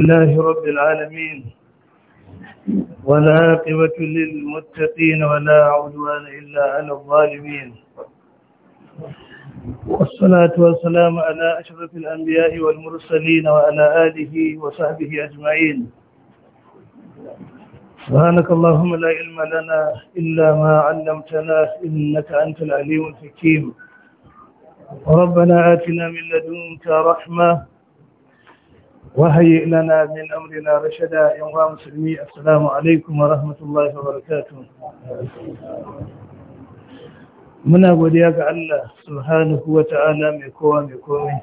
الله رب العالمين ولا والعاقبة للمتقين ولا عدوان إلا على الظالمين والصلاة والسلام على أشرف الأنبياء والمرسلين وعلى آله وصحبه أجمعين سبحانك اللهم لا علم لنا إلا ما علمتنا إنك أنت العليم الحكيم ربنا آتنا من لدنك رحمة وهيئ لنا من أمرنا رشدا يا مسلمي السلام عليكم ورحمة الله وبركاته muna godiya ga Allah subhanahu wa ta'ala mai kowa mai komai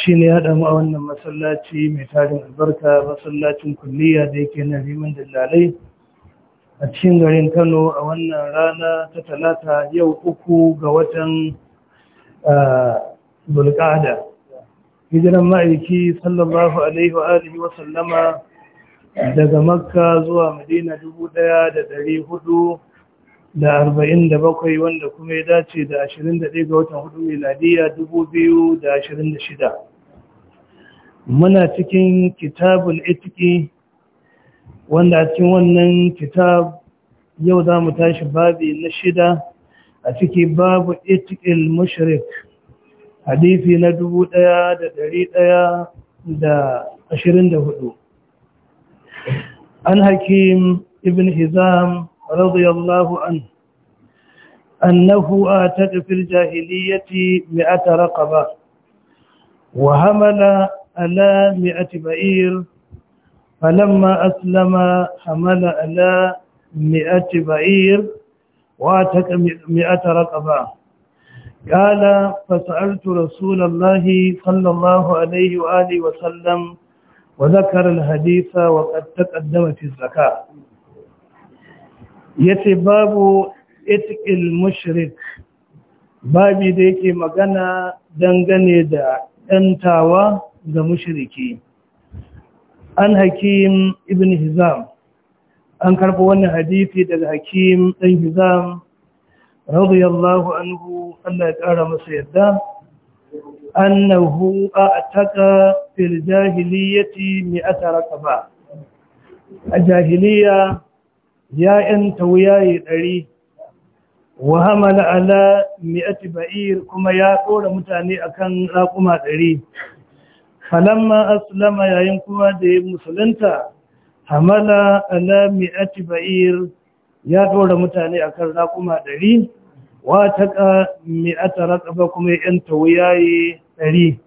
shi ne haɗa mu a wannan masallaci mai tarin albarka masallacin kulliya da yake na rimin dalilai a cikin garin kano a wannan rana ta talata yau uku ga watan bulkada hijiran ma'aiki sallallahu alaihi wa alihi wa sallama daga makka zuwa madina dubu ɗaya da ɗari hudu da arba'in da bakwai wanda kuma ya dace da ashirin da ɗaya ga watan hudu miladiya dubu biyu da ashirin da shida muna cikin kitabul itiki wanda a cikin wannan kitab yau za mu tashi babi na shida a ciki babu itikil mushrik حديث ندب ديا دريد ديا دا أشرين دا عن حكيم ابن حزام رضي الله عنه أنه آتت في الجاهلية مئة رقبة وحمل على مئة بئير فلما أسلم حمل على مئة بئير وآتت مئة رقبة قال فسألت رسول الله صلى الله عليه وآله وسلم وذكر الحديث وقد تقدم في الزكاة yace babu itikil mushrik babu da yake magana dangane da 'yantawa ga mushriki an hakim ibn hizam an karɓi wannan hadithi daga hakim ɗan hizam radiyallahu anhu Allah ƙara masa yadda annahu a'taka fil jahiliyyati mi'ata raqaba a jahiliya ya yanta wuyaye ɗari Wahamala hamala ala mi'ati ba'ir kuma ya ɗora mutane akan raƙuma ɗari falamma aslama yayin kuma da ya musulunta hamala ala mi'ati ba'ir ya ɗora mutane akan raƙuma ɗari wataka mi'ata raqaba kuma ya yanta wuyaye ɗari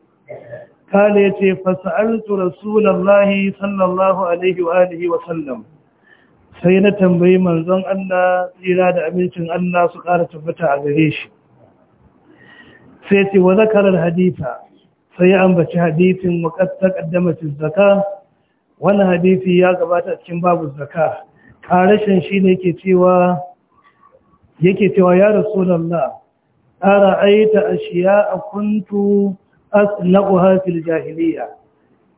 kala ya ce fasa'altu rasulallahi sallallahu alaihi wa alihi wa sallam sai na tambayi manzon Allah tsira da amincin Allah su ƙara tabbata a gare shi sai ce wa zakarar haditha sai ya ambaci hadithin kaddama qaddamatis zaka wannan hadisi ya gabata cikin babu zaka karashin shine yake cewa yake cewa ya aita ashiya a kuntu asna'uha fil jahiliya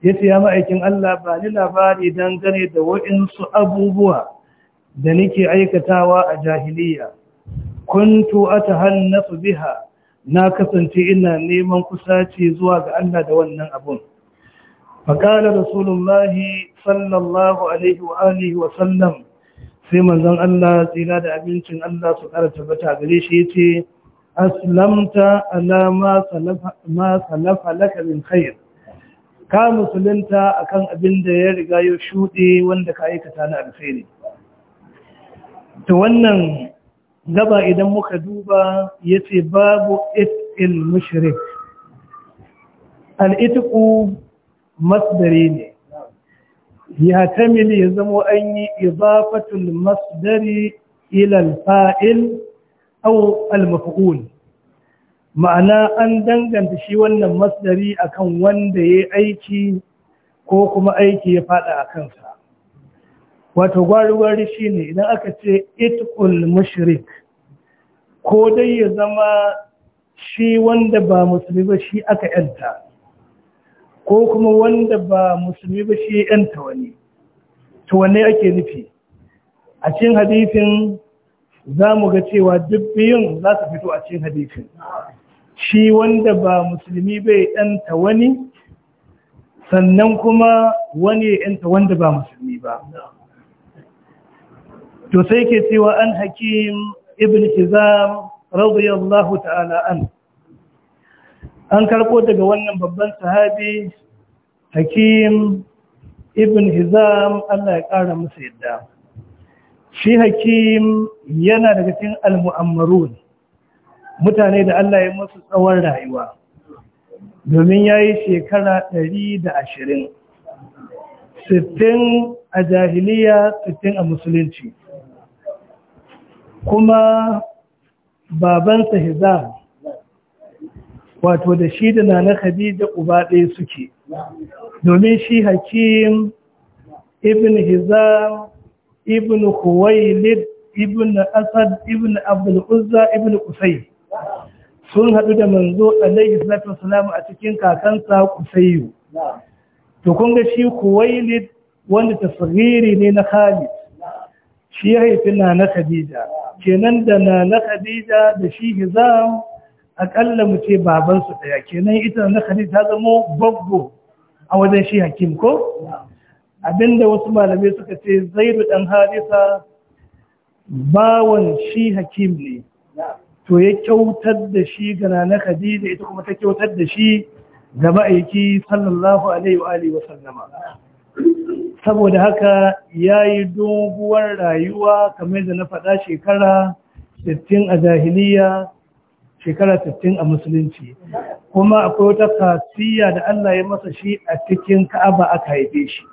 yace ya ma'aikin Allah ba ni labari dangane da waɗansu abubuwa da nake aikatawa a jahiliya kuntu atahannasu biha na kasance ina neman kusaci zuwa ga Allah da wannan abun فقال رسول الله صلى الله عليه wa sallam. sai manzon Allah tsira da abincin Allah su ƙara tabbata gare shi yace aslamta ala ma salafa laka min khair ka musulunta akan abin da ya riga ya shuɗe wanda ka aikata na alheri Ta wannan gaba idan muka duba yace babu itil mushrik al-itqu masdari ne ya tamili ya zamo an yi idafatul masdari ilal fail au al-maf'ul ma'ana an danganta shi wannan masdari akan wanda ya aiki ko kuma aiki ya faɗa a kansa wato gwari-gwari shi ne idan aka ce itkul mushrik ko dai ya zama shi wanda ba musulmi ba shi aka yanta ko kuma wanda ba musulmi ba shi yan tawani to wanne ake nufi a cikin hadisin za mu ga cewa duk biyun za su fito a cikin hadisin shi wanda ba musulmi bai yanta wani sannan kuma wani yanta wanda ba musulmi ba to sai ke cewa an hakim ibn hizam radiyallahu ta'ala an an karko daga wannan babban sahabi hakim ibn hizam Allah ya ƙara masa yadda shi hakim yana daga cikin al-mu'ammarun mutane da Allah ya masu tsawon rayuwa domin ya yi shekara 120 sittin a jahiliya 60 a musulunci kuma babansa hizam wato da shi da nana khadija uba ɗaya suke domin shi hakim ibn hizam ibn huwailid ibn asad ibn abdul uzza ibn qusay sun haɗu da manzo laifin salatu salamu a cikin kakansa qusayu to kun ga shi huwailid wanda tasghiri ne na khalid shi ya haifi nana khadija kenan da nana khadija da shi hizam akalla mu ce babansu ɗaya kenan ita na khadija ta zama babbo a wajen shi hakim ko abinda wasu malamai suka ce Zairu dan harisa bawan shi hakim ne to ya kyautar da shi ga na khadija ita kuma ta kyautar da shi ga aiki, sallallahu alaihi wa alihi wa sallama saboda haka yayi doguwar rayuwa kamar da na faɗa shekara 60 a jahiliya shekara 60 a musulunci kuma akwai wata kasiya da Allah ya masa shi a cikin Ka'aba aka haife shi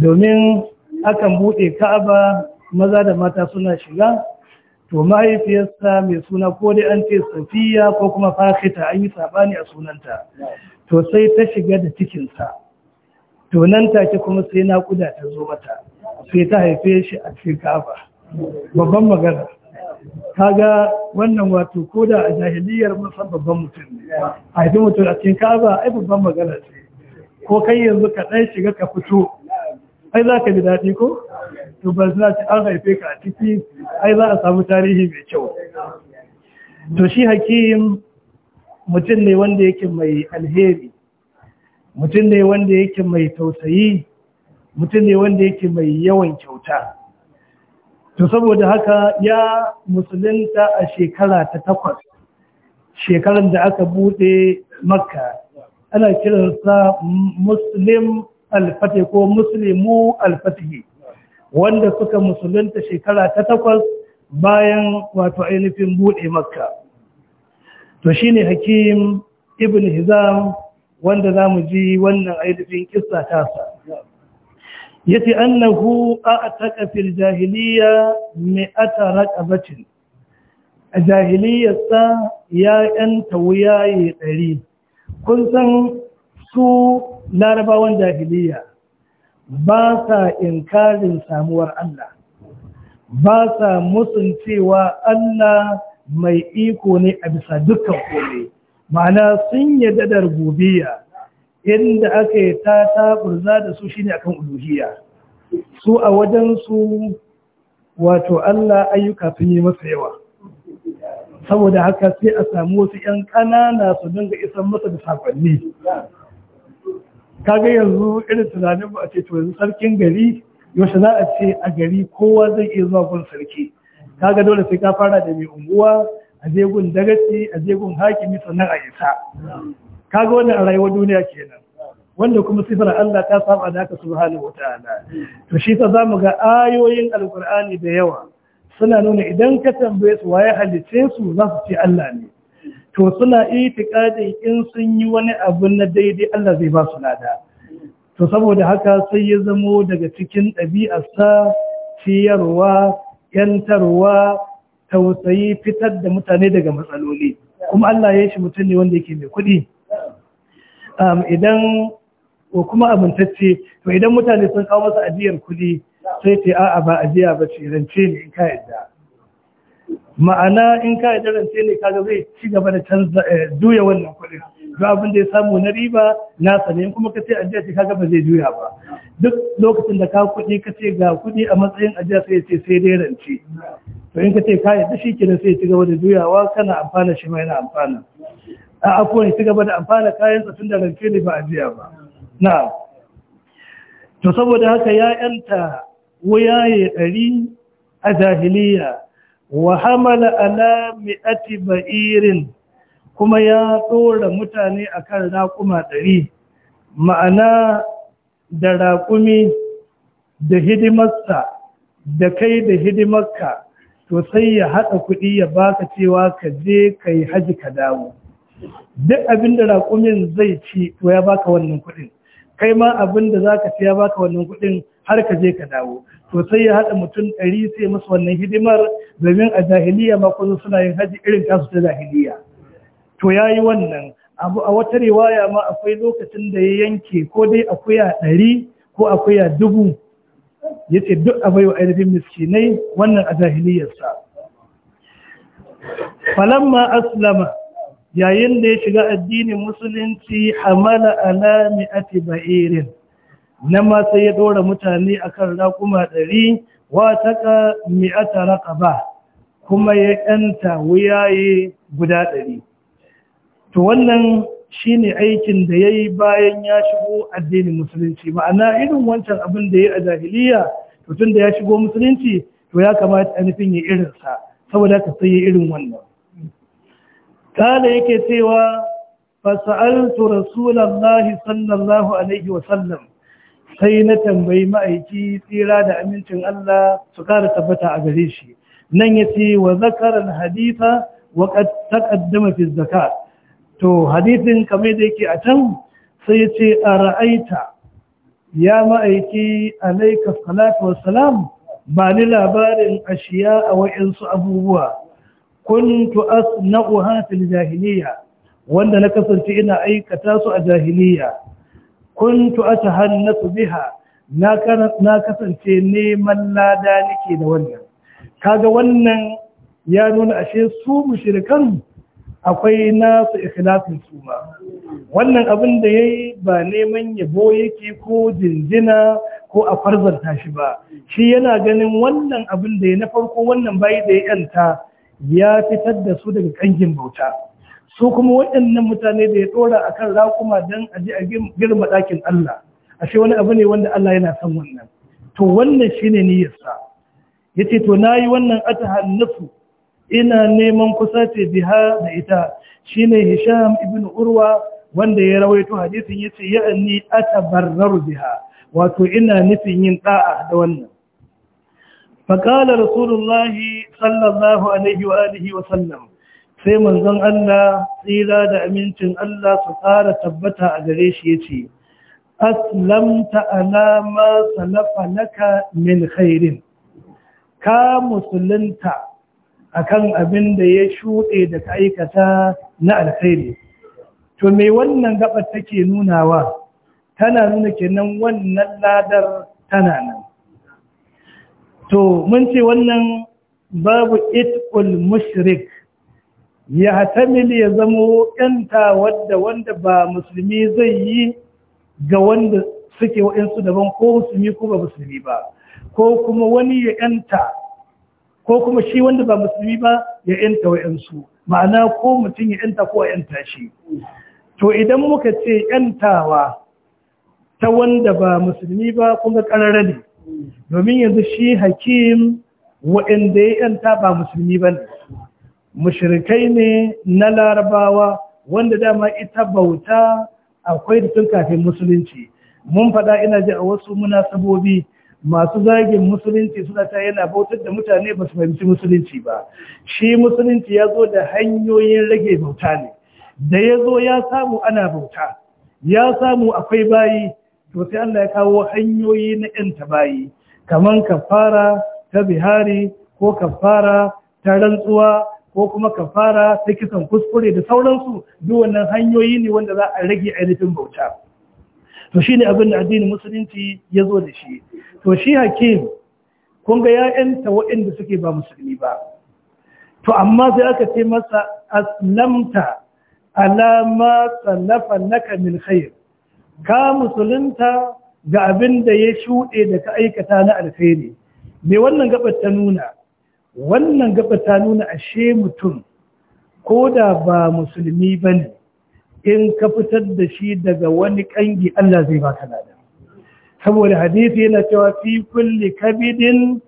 domin akan bude Ka'aba maza da mata suna shiga to mahaifiyarsa mai suna ko dai an ce safiya ko kuma fahita an yi sabani a sunanta to sai ta shiga da cikinsa to nan take kuma sai naƙuda ta zo mata sai ta haife shi a cikin Ka'aba babban magana kaga wannan wato ko da a jahiliyar mun san babban mutum ne a haifi mutum a cikin kaza ai babban magana ce ko kai yanzu ka ɗan shiga ka fito ai za ka ji daɗi ko to ba suna ci an haife ka a ciki ai za a samu tarihi mai kyau to shi hakim mutum ne wanda yake mai alheri mutum ne wanda yake mai tausayi mutum ne wanda yake mai yawan kyauta to saboda haka ya musulunta a shekara ta takwas shekarar da aka bude makka ana kiransa muslim alfati ko muslimu alfatihi wanda suka musulunta shekara ta takwas bayan wato ainihin bude makka to shine hakim ibn hizam wanda za mu ji wannan ainihin kissa tasa yace annahu a'taqa fil jahiliya mi'ata raqabatin a jahiliyarsa ya yanta wuyaye ɗari kun san su larabawan jahiliya ba sa inkarin samuwar Allah ba sa musun Allah mai iko ne a bisa dukkan kome ma'ana sun yi da gobiya inda aka yi ta taburza da su shine akan uluhiyya su a wajen su wato Allah ayyuka sun yi masa yawa saboda haka sai a samu wasu 'yan ƙanana su dinga isan masa da sakonni ga yanzu irin tunanin ba a ce to yanzu sarkin gari yaushe za a ce a gari kowa zai iya zuwa gun sarki kaga dole sai ka fara da mai unguwa a je gun dagaci a je gun hakimi sannan a isa kaga wannan a rayuwar duniya kenan wanda kuma sifar Allah ta saba da haka subhanahu wataala to shi ta zamu ga ayoyin alqur'ani da yawa suna nuna idan ka tambaye su waye halice su za su ce Allah ne to suna itikadin in sun yi wani abu na daidai Allah zai ba su lada to saboda haka sai ya zamo daga cikin sa ciyarwa yantarwa tausayi fitar da mutane daga matsaloli kuma Allah ya shi mutum ne wanda yake mai kuɗi idan kuma abuntacce to idan mutane sun kawo masa ajiyar kuɗi sai ce a'a ba ajiya ba ce rance ne in ka yadda ma'ana in ka yadda rance ne kaga zai ci gaba da canza eh, juya wannan kuɗin duk abin da ya samu na riba na sane kuma ka ce ajiya ce kaga ba zai juya ba duk lokacin da ka kuɗi ka ce ga kuɗi a matsayin ajiya sai ce sai dai rance to in ka ce ka yadda shi kenan sai ci gaba da juyawa kana amfana shi ma yana amfana a akwai ci gaba da amfana kayan tsafin da ranke ne ba a jiya ba na to saboda haka ya yanta wuyaye ɗari a jahiliya wa hamala ala mi'ati ba'irin kuma ya tsora mutane a akan raƙuma ɗari ma'ana da raƙumi da hidimarsa da kai da hidimarka to sai ya haɗa kuɗi ya baka cewa ka je ka yi haji ka dawo duk abinda da raƙumin zai ci to ya baka wannan kuɗin kai ma abin da za ka ci ya baka wannan kuɗin har ka je ka dawo to sai ya haɗa mutum ɗari sai masa wannan hidimar domin a jahiliya ma kuma suna yin haji irin tasu ta jahiliya to ya yi wannan abu a wata riwaya ma akwai lokacin da ya yanke ko dai akuya ɗari ko akuya dubu ya ce duk a baiwa ainihin miskinai wannan a jahiliyarsa falamma aslama yayin da ya shiga addinin musulunci hamala ala mi'ati ba'irin nan ma sai ya dora mutane a kan raƙuma ɗari wa ka mi'ata raƙaba kuma ya ƴanta wuyaye guda ɗari to wannan shi ne aikin da ya yi bayan ya shigo addinin musulunci ma'ana irin wancan abin da ya yi a jahiliya to tun da ya shigo musulunci to ya kamata a nufin ya irinsa saboda ka sai irin wannan kala yake cewa fasa'altu rasulallahi sallallahu alaihi wasallam sai na tambayi ma'aiki tsira da amincin Allah su kara tabbata a gare shi nan ya ce wa zakarar haditha wa taqaddama fi zakat to hadithin kamar da yake a can sai ya ce a ra'aita ya ma'aiki alaika salatu wassalam ba ni labarin ashiya a wa'insu abubuwa kuntu asna'uha fil jahiliya wanda na kasance ina aikata su a jahiliya kuntu atahannatu biha na na kasance neman lada nake da wannan kaga wannan ya nuna ashe su mushrikan akwai nasu ikhlasin su wannan abin da yayi ba neman yabo yake ko jinjina ko a farzanta shi ba shi yana ganin wannan abin da ya na farko wannan bayi da ya yanta ya fitar da su daga kangin bauta su kuma waɗannan mutane da ya ɗora a kan raƙuma don a a girma ɗakin Allah ashe wani abu ne wanda Allah yana son wannan to wannan shi shine niyyarsa ce to na yi wannan ata hannufu. ina neman kusa ce biha da ita Shi ne Hisham ibn Urwa wanda ya rawaito hadisin yace ya'ni atabarraru biha wato ina nufin yin ɗa'a da wannan فقال رسول الله صلى الله عليه وآله وسلم sai manzon Allah tsira da amincin Allah su ƙara tabbata a gare shi ya ce aslamta ala ma salafa laka min khairin ka musulunta akan abin da ya shuɗe da ka aikata na alkhairi to me wannan gabar take nunawa tana nuna kenan wannan ladar tana nan to mun ce wannan babu itkul mushrik ya hatamil ya zamo yanta wadda wanda ba musulmi zai yi ga wanda suke wa'insu daban ko musulmi ko ba musulmi ba ko kuma wani ya yanta ko kuma shi wanda ba musulmi ba ya yanta wa'insu ma'ana ko mutum ya yanta ko a yanta shi to idan muka ce yantawa ta wanda ba musulmi ba kuma ƙararra ne domin yanzu shi hakim waɗanda ya yanta ba musulmi ba ne Mushirikai ne na larabawa wanda dama ita bauta akwai da tun kafin musulunci mun faɗa ina ji a wasu munasabobi masu zagin musulunci suna ta yana bautar da mutane ba su fahimci musulunci ba shi musulunci ya zo da hanyoyin rage bauta ne da ya zo ya samu ana bauta ya samu akwai bayi to sai Allah ya kawo hanyoyi na yan tabayi kaman kafara ta bihari ko kafara ta rantsuwa ko kuma kafara ta kisan kuskure da sauransu duk wannan hanyoyi ne wanda za a rage ainihin bauta to shine abin da addinin musulunci ya zo da shi to shi hakim kun ga ya'yanta waɗanda suke ba musulmi ba to amma sai aka ce masa aslamta alama salafa naka min khair ka musulunta ga abin da ya shuɗe da ka aikata na alkhairi. me wannan gabar ta nuna wannan gabar ta nuna ashe mutum ko da ba musulmi ba ne in ka fitar da shi daga wani ƙangi Allah zai baka lada saboda hadisi yana cewa fi kulli kabidin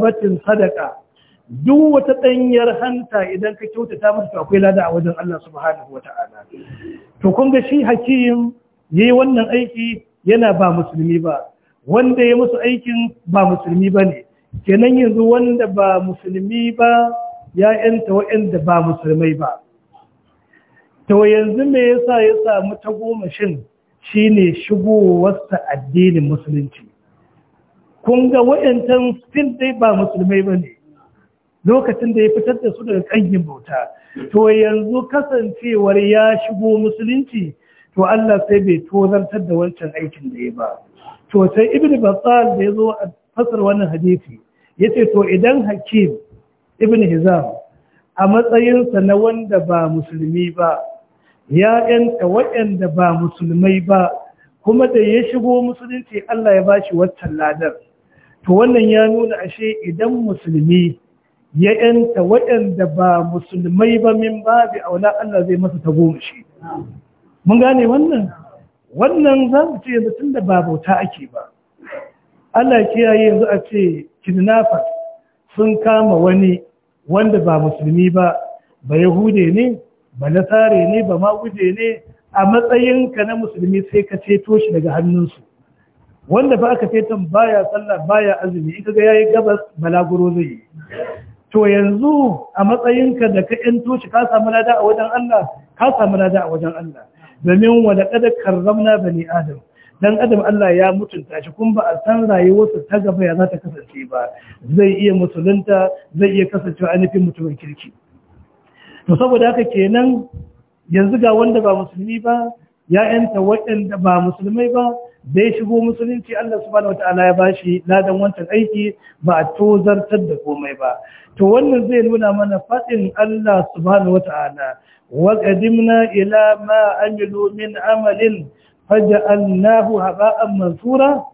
batin sadaka duk wata ɗanyar hanta idan ka kyautata mata to akwai lada a wajen Allah subhanahu wata'ala to kun ga shi hakim yi wannan aiki yana ba musulmi ba wanda ya musu aikin ba musulmi ba ne kenan yanzu wanda ba musulmi ba ya yanta waɗanda ba musulmai ba to yanzu me yasa ya samu ta goma tagomashin shine shigowarsa addinin musulunci kun ga waɗancan dai ba musulmai ba ne lokacin da ya fitar da su daga ƙangin bauta to yanzu kasancewar ya shigo musulunci to Allah sai bai tozartar da wancan aikin da ya ba to sai ibnu battal da yazo a fasar wannan hadisi yace to idan hakim ibnu hizam a matsayinsa na wanda ba musulmi ba ya yanta waɗanda ba musulmai ba kuma da ya shigo musulunci Allah ya bashi waccan ladar to wannan ya nuna ashe idan musulmi ya yanta waɗanda ba musulmai ba min babi aula Allah zai masa shi. mun gane wannan wannan za mu ce yanzu tun da ba bauta ake ba Allah kiyaye yanzu a ce kidnappers sun kama wani wanda ba musulmi ba ba yahude ne ba nasare ne ba maguje ne a matsayinka na musulmi sai ka ceto shi daga hannunsu wanda ba aka ceton baya sallah baya azumi in ga yayi gabas balaguro zai yi to yanzu a matsayinka da ka yanto shi ka samu lada a wajen Allah ka samu lada a wajen Allah domin wani kada karramna bani adam dan adam Allah ya mutunta shi kun ba a san rayuwarsa ta gaba ya za ta kasance ba zai iya musulunta zai iya kasancewa ainihin mutumin kirki to saboda haka kenan yanzu ga wanda ba musulmi ba yanta waɗanda ba musulmai ba da ya shigo musulunci Allah subhanahu wata'ala ya bashi ladan wancan aiki ba a tozartar da komai ba to wannan zai nuna mana faɗin Allah subhanahu wata'ala وقدمنا إلى ما عملوا من عمل فجعلناه هباء منثورا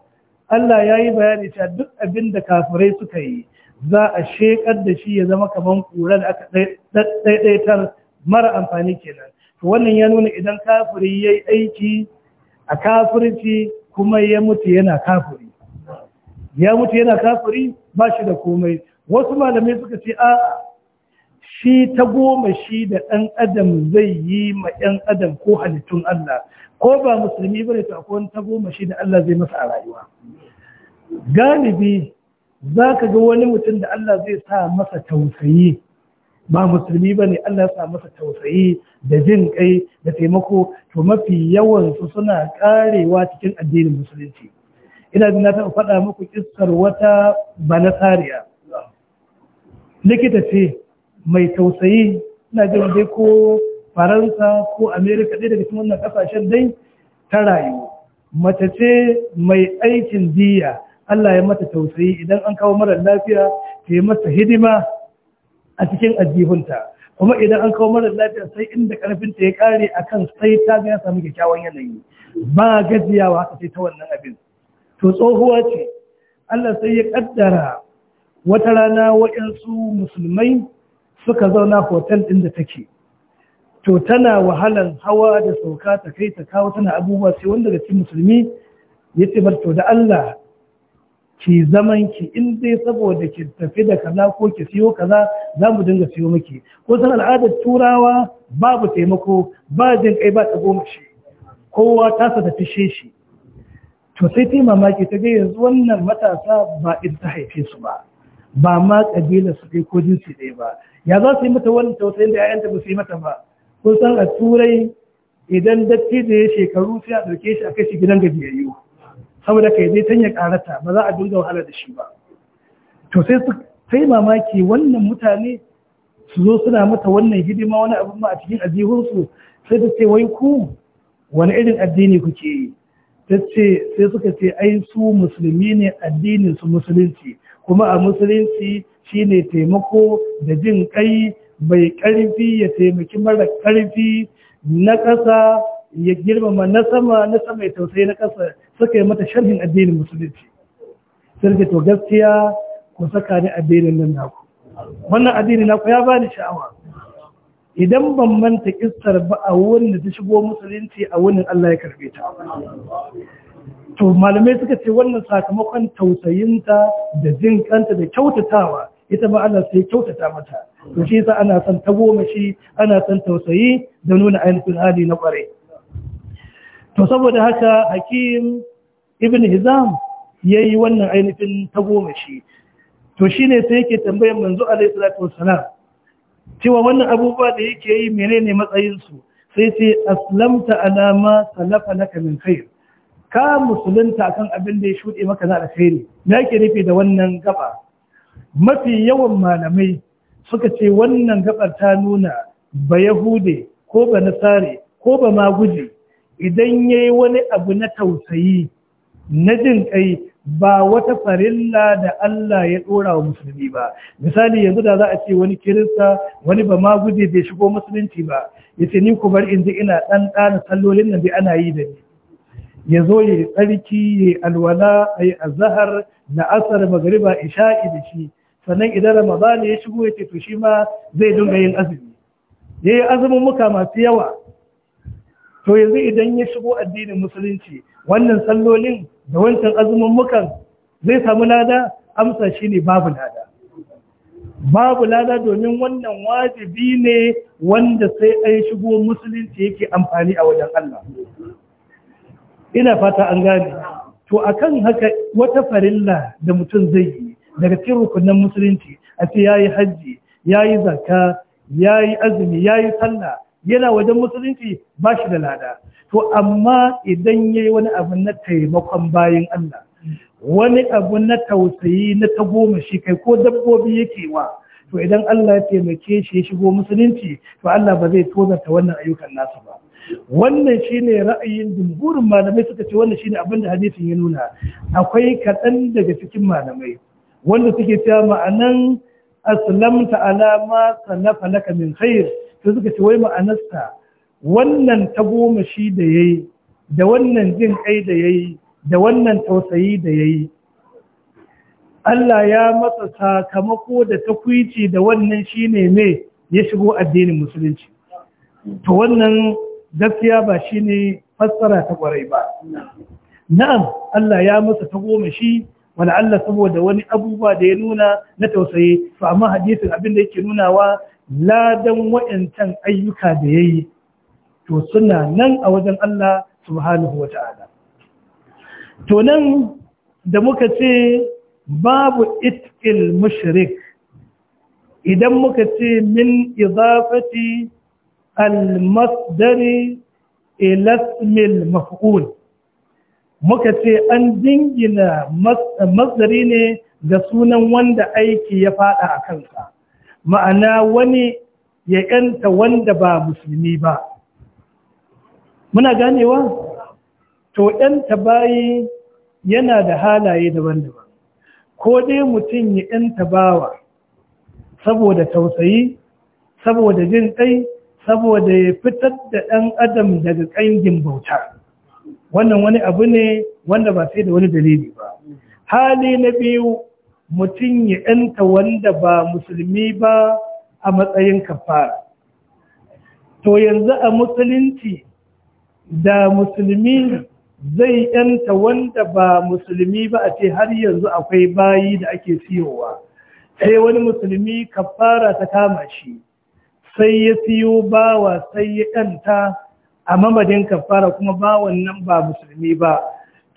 Allah ya yi bayani cewa duk abin da kafirai suka yi za'a shekar da shi ya zama kamar kura da aka ɗaiɗaitar mara amfani kenan to wannan ya nuna idan kafuri ya yi aiki a kafirci kuma ya mutu yana kafuri, ya ba shi da komai wasu malamai suka ce a shi ta goma shi da ɗan adam zai yi ma ɗan adam ko halittun Allah ko ba musulmi bane to akwai ta goma shi da Allah zai masa a rayuwa galibi za ka ga wani mutum da Allah zai sa masa tausayi ba musulmi bane Allah sa masa tausayi da jin kai da taimako to mafi yawan su suna karewa cikin addinin musulunci ina jin na taɓa faɗa muku kissar wata banasariya likita ce mai tausayi ina jin ko faransa ko amerika ɗaya daga cikin wannan ƙasashen dai ta rayu mace ce mai aikin diya allah ya mata tausayi idan an kawo mara lafiya ta yi mata hidima a cikin ajihunta kuma idan an kawo marar lafiya sai inda karfin ta ya kare kan sai ta ga ya samu kyakkyawan yanayi ba gajiyawa haka sai ta wannan abin to tsohuwa ce Allah sai ya kaddara wata rana waɗansu musulmai suka zauna hotel ɗin da take to tana wahalar hawa da sauka ta kai ta kawo tana abubuwa sai wanda ga cikin musulmi ya ce bar to da Allah ki zaman ki in dai saboda ki tafi da kaza ko ki siyo kaza za mu dinga siyo miki ko san al'adar turawa babu taimako ba jin kai ba tsago shi kowa ta sa ta fishe shi to sai ta mamaki ta ga yanzu wannan matasa ba in ta haife su ba ba ma kabila su kai ko jinsi ɗaya ba ya za su yi mata wani tausayin da 'ya'yanta ba su yi mata ba kun san a turai idan da ya shekaru sai a ɗauke shi a kai shi gidan gajiyayyu saboda kai zai tanya karata ba za a dinga wahala da shi ba to sai su sai mamaki wannan mutane su zo suna mata wannan hidima wani abu ma a cikin ajihunsu sai ta ce wai ku wani irin addini kuke yi ta ce sai suka ce ai su musulmi ne addinin su musulunci kuma a musulunci shine taimako da jin kai mai karfi ya taimaki mara karfi na ƙasa ya girmama na sama na sama ya tausayi na ƙasa suka yi mata sharhin addinin musulunci sarki to gaskiya ku saka ni addinin nan naku wannan addini naku ya bani sha'awa idan ban manta kistar ba a wurin da ta shigo musulunci a wurin Allah ya karbe ta to malamai suka ce wannan sakamakon tausayinta da jin kanta da kyautatawa ita ma ana sai kyautata mata to shi yasa ana son shi, ana san tausayi da nuna ainihin hali na kware to saboda haka hakim ibn hizam yayi wannan ainihin tagomashi to shi ne sai yake tambayar manzo alaihi salatu wassalam cewa wannan abubuwa da yake yi menene su sai sai aslamta alama salafa laka min khair ka musulunta kan abin da ya shuɗe maka za na alheri me yake nufi da wannan gaba mafi yawan malamai suka ce wannan gabar ta nuna ba yahude ko ba nasare ko ba maguji idan ya yi wani abu na tausayi na jin kai ba wata farilla da Allah ya ɗora wa musulmi ba misali yanzu da za a ce wani kirista wani ba maguje bai shigo musulunci ba ya ce ni ku bar in ji ina ɗanɗana ɗana sallolin nan ana yi da ni ya zo ya tsarki ya alwala a yi azahar na asar magariba isha'i da shi sannan idan ramadana ya shigo ya ce to shi ma zai dinga yin azumi ya yi azumin muka masu yawa to yanzu idan ya shigo addinin musulunci wannan sallolin da wancan azumin mukan zai samu lada amsa shi ne babu lada babu lada domin wannan wajibi ne wanda sai an shigo musulunci yake amfani a wajen Allah ina fata an gane to akan haka wata farilla da mutum zai yi daga cikin rukunan musulunci a ce yayi hajji yayi zakka yayi azumi yayi sallah yana wajen musulunci ba shi da lada to amma idan yayi wani abu na taimakon bayan Allah wani abu na tausayi na shi kai ko dabbobi yake wa to idan Allah ya taimake shi ya shigo musulunci to Allah ba zai tozarta wannan ayyukan nasa ba wannan shine ra'ayin jumhurin malamai suka ce wannan shine abin da hadisin ya nuna akwai kaɗan daga cikin malamai wanda suke cewa ma'anan aslamta ala ma salafa laka min khair to suka ce wai ma'anarsa wannan tagomashi da yayi da wannan jin kai da yayi da wannan tausayi da yayi Allah ya matsa sakamako da takwici da wannan shi ne ya shigo addinin musulunci to wannan gaskiya ba shi ne fassara ta kwarai ba na'am Allah ya matsa ta goma shi wani Allah saboda wani abubuwa da ya nuna na tausayi to amma hadisin abin da yake nunawa ladan wayancan ayyuka da ya yi, to suna nan a wajen Allah subhanahu ta'ala to nan da muka ce babu itkil mushrik idan muka ce min izafati al-masdari ila ismil maf'ul muka ce an dingina masdari ne ga sunan wanda aiki ya fada a kansa ma'ana wani ya yanta wanda ba musulmi ba muna ganewa to yanta bayi yana da halaye daban-daban ko dai mutum ya ɗan bawa saboda tausayi saboda jin ɗai, saboda ya fitar da ɗan adam daga ƙangin bauta wannan wani abu ne wanda ba sai da wani dalili ba hali na biyu mutum ya ‘yanta wanda ba musulmi ba a matsayin kafara to yanzu a musulunci da musulmi zai yanta wanda ba musulmi ba a ce har yanzu akwai bayi da ake siyowa sai wani musulmi fara ta kama shi sai ya siyo bawa sai ya yanta a mamadin kafara kuma bawan nan ba musulmi ba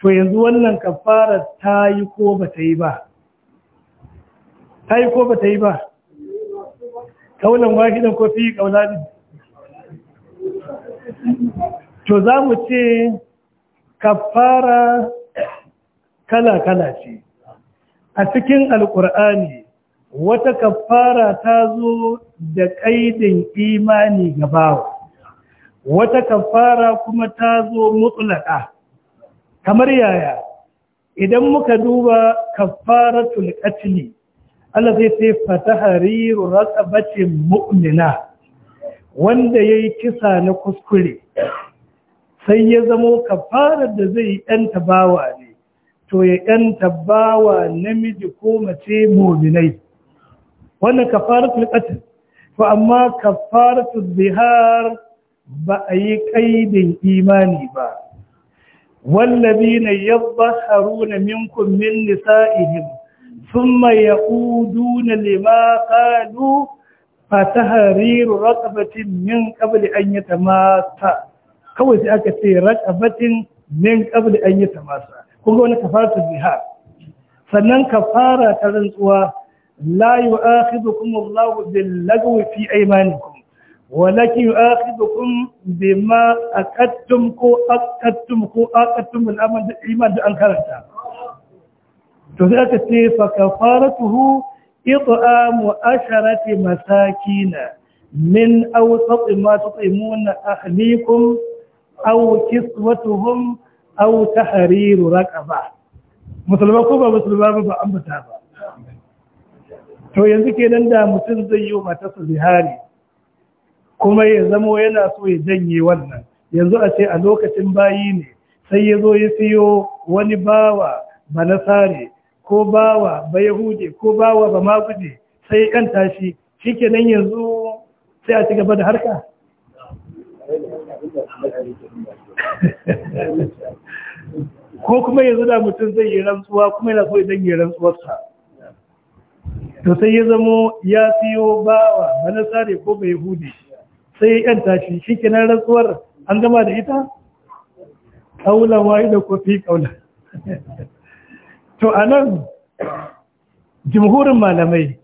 to yanzu wannan kafara ta yi ko ba ta yi ba ta yi ko ba ta yi ba kaunan wahidan ko fi kaulanin to za mu ce kafara kala-kala ce a cikin alkur'ani wata kafara ta zo da ƙaidin imani ga bawa wata kafara kuma ta zo mutsulaka kamar yaya idan muka duba kafaratul qatli Allah zai ce fatahariru raqabatin mu'mina wanda yayi kisa na kuskure sai ya zamo kafarar da zai yanta bawa ne to ya yanta tabawa namiji ko mace muminai wannan kafaratul qatl to amma kafaratul zihar ba a yi kaidin imani ba na والذين يظهرون منكم من نسائهم ثم يعودون لما قالوا فتهرير رقبة من قبل أن mata. kawai sai aka ce raqabatin min qabl an yatamasa kun ga wani kafaratu zihar sannan kafara ta rantsuwa la yu'akhidhukum Allahu bil lagwi fi aymanikum walakin yu'akhidhukum bima aqadtum ko aqadtum ko aqadtum min amal iman da an karanta to sai aka ce fa kafaratuhu it'amu asharati masakina min awsat ma tut'imuna ahlikum aw kiswatuhum aw tahriru raqaba musulma ko ba musulma ba ba ambata ba to yanzu kenan da mutum zai yi su zihari kuma ya zamo yana so ya janye wannan yanzu a ce a lokacin bayi ne sai ya zo ya siyo wani bawa ba nasare ko bawa ba yahudi ko bawa ba maguje sai yan tashi shikenan yanzu sai a ci gaba da harka ko kuma yanzu da mutum zai yi rantsuwa kuma yana so idan yi rantsuwarsa to sai ya zamo ya siyo bawa manasare ko bai hude sai ya yanta shi shi kenan rantsuwar an gama da ita kaulan wayi da kofi kaulan to a nan, jimhurin malamai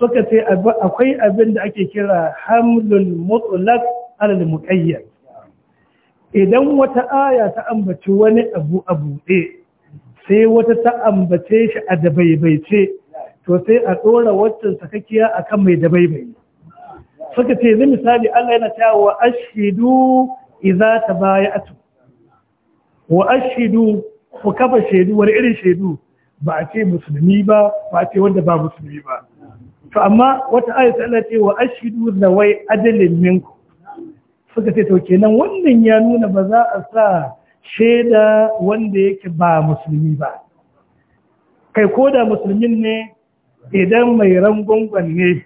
suka ce akwai abin da ake kira hamlul mutlaq alal muqayyad idan wata aya ta ambaci wani abu a buɗe sai wata ta ambace shi a dabaibaice to sai a ɗora waccan sakakiya a kan mai dabaibai suka ce zai misali Allah yana cewa wa ashidu iza ta baya wa ashidu ku kafa shaidu wani irin shaidu ba a ce musulmi ba ba a ce wanda ba musulmi ba to amma wata aya ta Allah ce wa ashidu zawai adalin minku suka ce tauke nan, wannan ya nuna ba za a sa shaida wanda yake ba musulmi ba kai ko da musulmin ne idan mai rangungon ne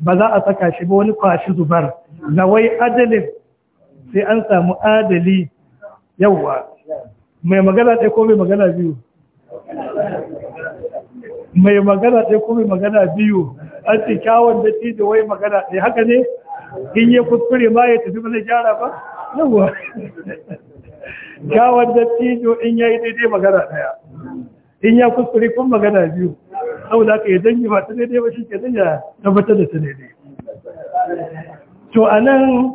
ba za a saka shi ba wani kwashi zubar na wai adalin sai an samu adali yauwa mai magana ɗaya ko mai magana biyu mai magana ɗaya ko mai magana biyu an ce kyawun da ci da wai magana ɗaya haka ne in yi kuskure ma ya tafi ba gyara ba yawa gawar dattijo in ya yi daidai magana daya in ya kuskure kun magana biyu da ka yi zanyi ba ta daidai ba shi ke ta tabbatar da ta daidai to a nan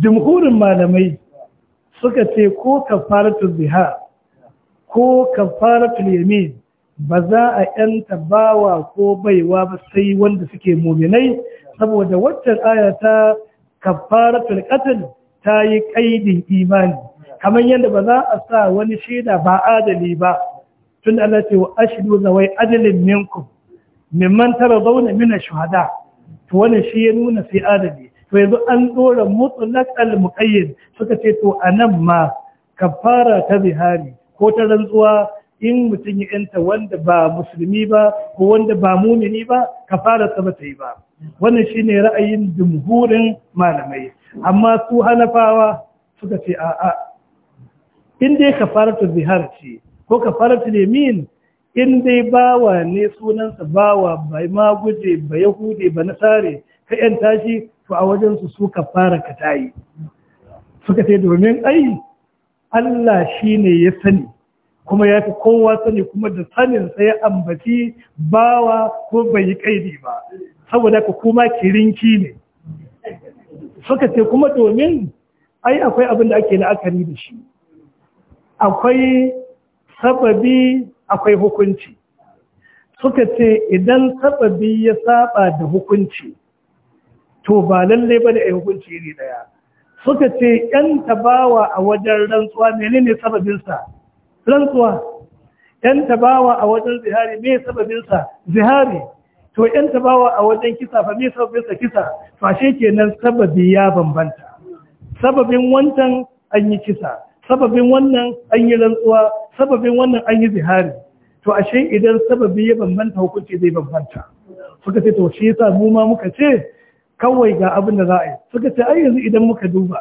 jimhurin malamai suka ce ko ka kafaratul biha ko ka kafaratul yamin ba za a yanta bawa ko baiwa ba sai wanda suke muminai saboda waccan ayata ta kafaratul qatl ta yi ƙaidin imani kamar yadda ba za a sa wani shaida ba adali ba tun Allah ce wa ashhadu zawai adalin minkum mimman tara min ash-shuhada to wani shi ya nuna sai adali to yanzu an dora mutlaq al-muqayyid suka ce to anan ma kafara ta zihari ko ta rantsuwa in mutum ya yanta wanda ba musulmi ba ko wanda ba mumini ba kafara ta ba ta yi ba wannan shi ne ra'ayin jumhurin malamai amma su hanafawa suka ce a'a in dai kafaratu zihar ce ko kafaratu nemin in dai bawa ne sunansa bawa bai ma guje ba hude ba na tsare, ka yan tashi to a wajensu su kafara ka tayi suka ce domin ai Allah shi ne ya sani kuma ya fi kowa sani kuma da saninsa ya ambaci bawa ko bai yi kaidi ba saboda ka kuma kirinki ne suka ce kuma domin ai akwai abin da ake la'akari da shi akwai sababi akwai hukunci suka ce idan sababi ya saba da hukunci to ba lalle ba da hukunci iri daya suka ce yan tabawa a wajen rantsuwa menene sababinsa rantsuwa yan tabawa a wajen zihari me sababinsa zihari to yan tabawa a wajen kisa fa me sauƙi sa kisa to ashe kenan sababi ya bambanta sababin wancan an yi kisa sababin wannan an yi rantsuwa sababin wannan an yi zihari to ashe idan sababi ya bambanta hukunci zai bambanta suka ce to shi yasa mu ma muka ce kawai ga abin da za a yi suka ce ai yanzu idan muka duba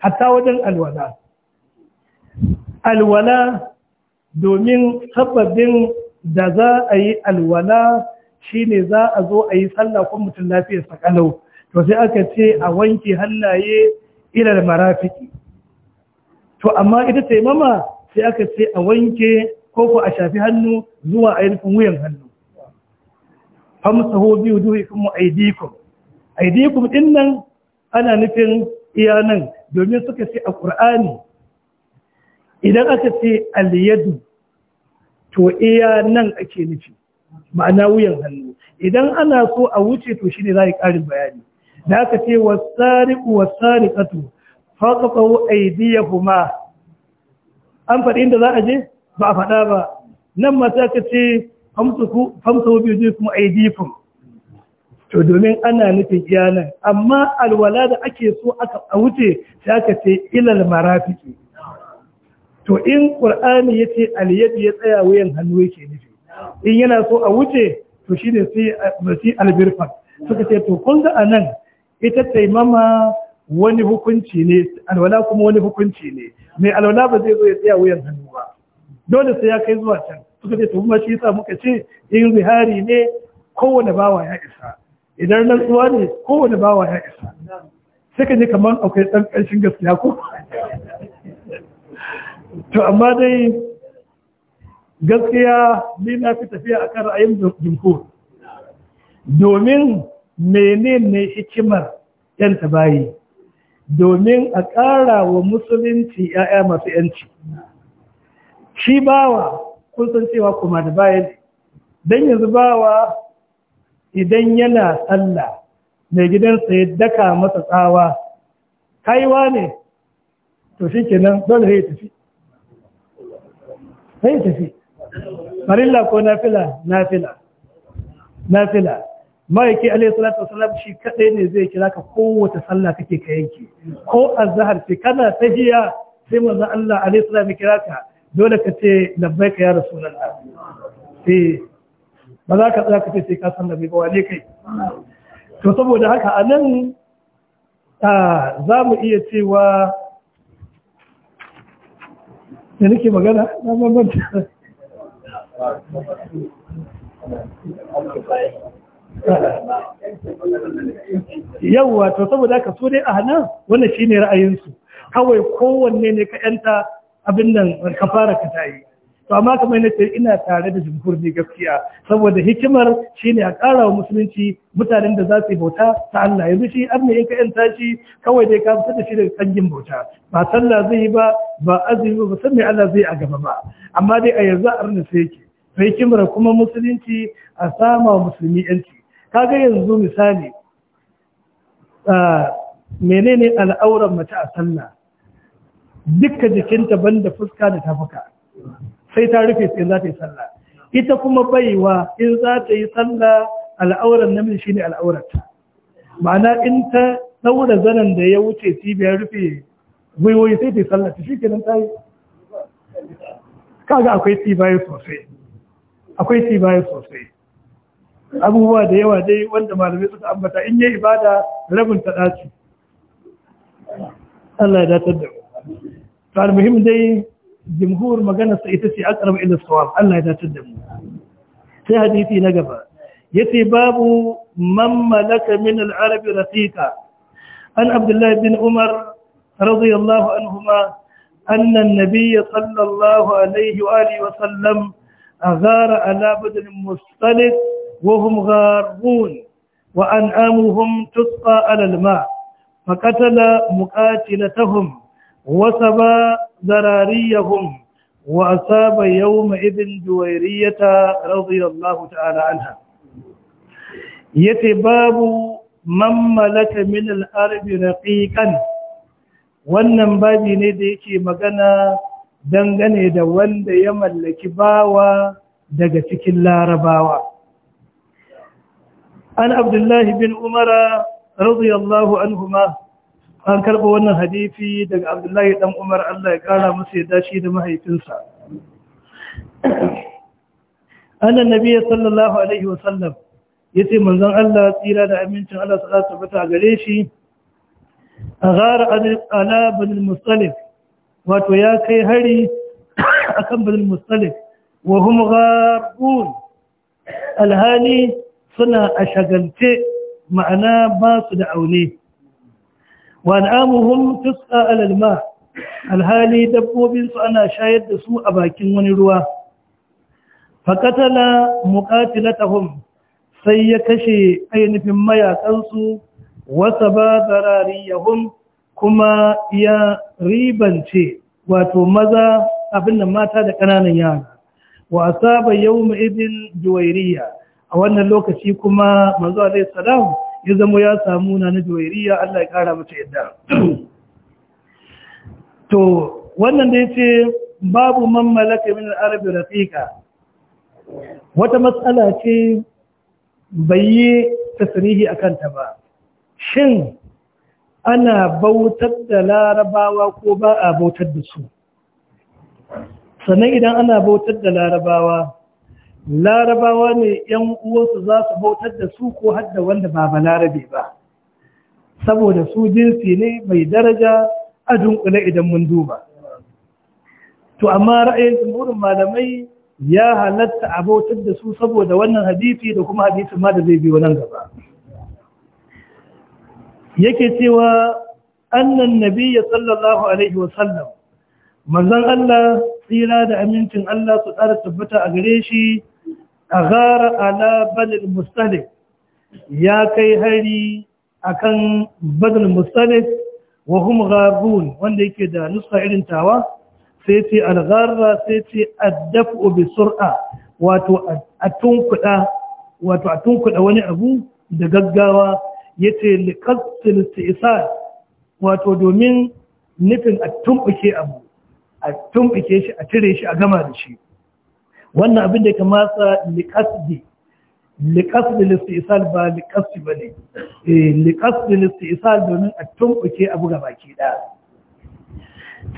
hatta wajen alwala alwala domin sababin da za a yi alwala Shi ne za a zo a yi sallah kuma mutum lafiyar sa kalau to sai aka ce a wanke hannaye ilal marafiki to amma ita ta mama sai aka ce a wanke ko ko a shafi hannu zuwa a nufin wuyan hannu biyu duhu kuma wa aydikum din nan ana nufin iya nan domin suka ce a Kur'ani idan aka ce Aliyadu to iya nan ake nufi ma'ana wuyan hannu idan ana so a wuce to shine za a yi ƙarin bayani da aka ce wasariku wasariqatu faqafu aydiyahuma an faɗi inda za a je ba a faɗa ba nan ma sai aka ce famsu famsu bi kuma aydifum to domin ana nufin iyalan amma alwala da ake so aka a wuce sai aka ce ilal marafiki to in qur'ani yace aliyadi ya tsaya wuyan hannu yake ne in yana so a wuce to shi ne sai albirfa suka ce to kun ga anan ita taimama wani hukunci ne alwala kuma wani hukunci ne mai alwala ba zai zo ya tsaya wuyan hannu ba dole sai ya kai zuwa can suka ce to kuma shi yasa muka ce in zihari ne kowane bawa ya isa idan zuwa ne kowane bawa ya isa suka ji kamar akwai ɗan ƙarshen gaskiya ko to amma dai gaskiya ni na fi tafiya a kan ra'ayin jimhur domin menene hikimar yan tabayi domin a ƙara wa musulunci 'ya'ya masu yanci shi bawa kun san cewa kuma da bayan don yanzu bawa idan yana tsalla mai gidansa ya daka masa tsawa kaiwa ne to shi kenan dole ya tafi sai tafi farilla ko nafila nafila nafila ma'aiki alaihi salatu shi kadai ne zai kira ka kowace sallah kake ka yanke ko azhar ce kana tahiya sai manzo Allah alaihi salam ya kira ka dole ka ce labbaika ya rasulullah eh ba za ka tsaya ka ce ka san nabi ba wani kai to saboda haka anan za mu iya cewa da nake magana na bambanta yau to saboda haka so dai a hana wannan shine ra'ayinsu kawai kowanne ne ka yanta abin nan ka fara ka tayi to amma kamar na ce ina tare da jumhur ne gaskiya saboda hikimar shi ne a kara wa musulunci mutanen da za su yi bauta ta Allah yanzu shi an ne ka yanta shi kawai dai ka fitar da shi daga kangin bauta ba sallah zai yi ba ba azumi ba san me Allah zai a gaba ba amma dai a yanzu a arna yake hikimar kuma musulunci a sama musulmi yanci kaga yanzu misali menene al'auran mace a sallah dukka jikinta banda fuska da tafuka sai ta rufe sai za ta yi sallah ita kuma baiwa in za ta yi sallah al'auran namiji shine al'aurata ma'ana in ta daura zanen da ya wuce cibiyar rufe gwiwoyi sai ta yi sallah ta shi kenan ta yi kaga akwai tsibaye sosai akwai ci sosai abubuwa da yawa dai wanda malamai suka ambata in yi ibada rabin ta dace Allah ya datar da mu to almuhim dai jimhur magana sa ita ce aqrab ila sawab Allah ya datar da mu sai hadisi na gaba yace babu man malaka min al-arab raqiqa an abdullah bin umar radiyallahu anhuma anna an-nabiy sallallahu alaihi wa alihi wa sallam أغار على بدن مصطلق وهم غارون وأنعامهم تسقى على الماء فقتل مقاتلتهم وسبى ذراريهم وأصاب يومئذ جويرية رضي الله تعالى عنها يتباب من ملك من الأرض رقيقا wannan babi ne da yake magana dangane da wanda ya mallaki bawa daga cikin larabawa an abdullahi bin umara radiyallahu anhuma an karɓa wannan hadifi daga abdullahi ɗan umar allah ya ƙara masa ya dashi da mahaifinsa annan nabiya sallallahu alaihi wasallam ya ce manzan allah tsira da amincin allah salatu bata gare shi a gara ala bin musalif wato ya kai hari akan bani mustalif wa hum alhali suna a shagalce ma'ana ba su da aune wa an'amuhum tusqa alal alhali dabbobin su ana shayar da su a bakin wani ruwa fakatala muqatilatahum sai ya kashe ainihin mayakansu wasa ba zarariyahun kuma ya ribance wato maza abin da mata da ƙananan yara wa asaba yawma idin juwairiya a wannan lokaci kuma manzo alayhi salam ya zama ya samu na na juwairiya Allah ya kara mata yadda to wannan da yace babu man malaka min al-arab rafiqa wata matsala ce bai yi akan ta ba shin ana bautar da larabawa ko ba a bautar da su sannan idan ana bautar da larabawa larabawa ne yan uwansu za su bautar da su ko hadda wanda ba ba larabe ba saboda su jinsi ne mai daraja a dunkule idan mun duba to amma ra'ayin jumhurin malamai ya halatta a bautar da su saboda wannan hadisi da kuma hadisi ma da zai biyo nan gaba yake cewa annan nabiyya sallallahu alaihi wasallam manzon Allah tsira da amincin Allah su tsara tabbata a gare shi a gara ala balil mustalik ya kai hari akan badal mustalik wa hum gharun wanda yake da nusa irin tawa sai ce al sai ce addafu bi sur'a wato a tunkuda wato a tunkuda wani abu da gaggawa yace liqasil istisal wato domin nufin a tumbuke abu a tumbuke shi a cire shi a gama da shi wannan abin da kamata liqasdi liqasdi istisal ba liqasdi bane eh liqasdi istisal domin a tumbuke abu ga baki da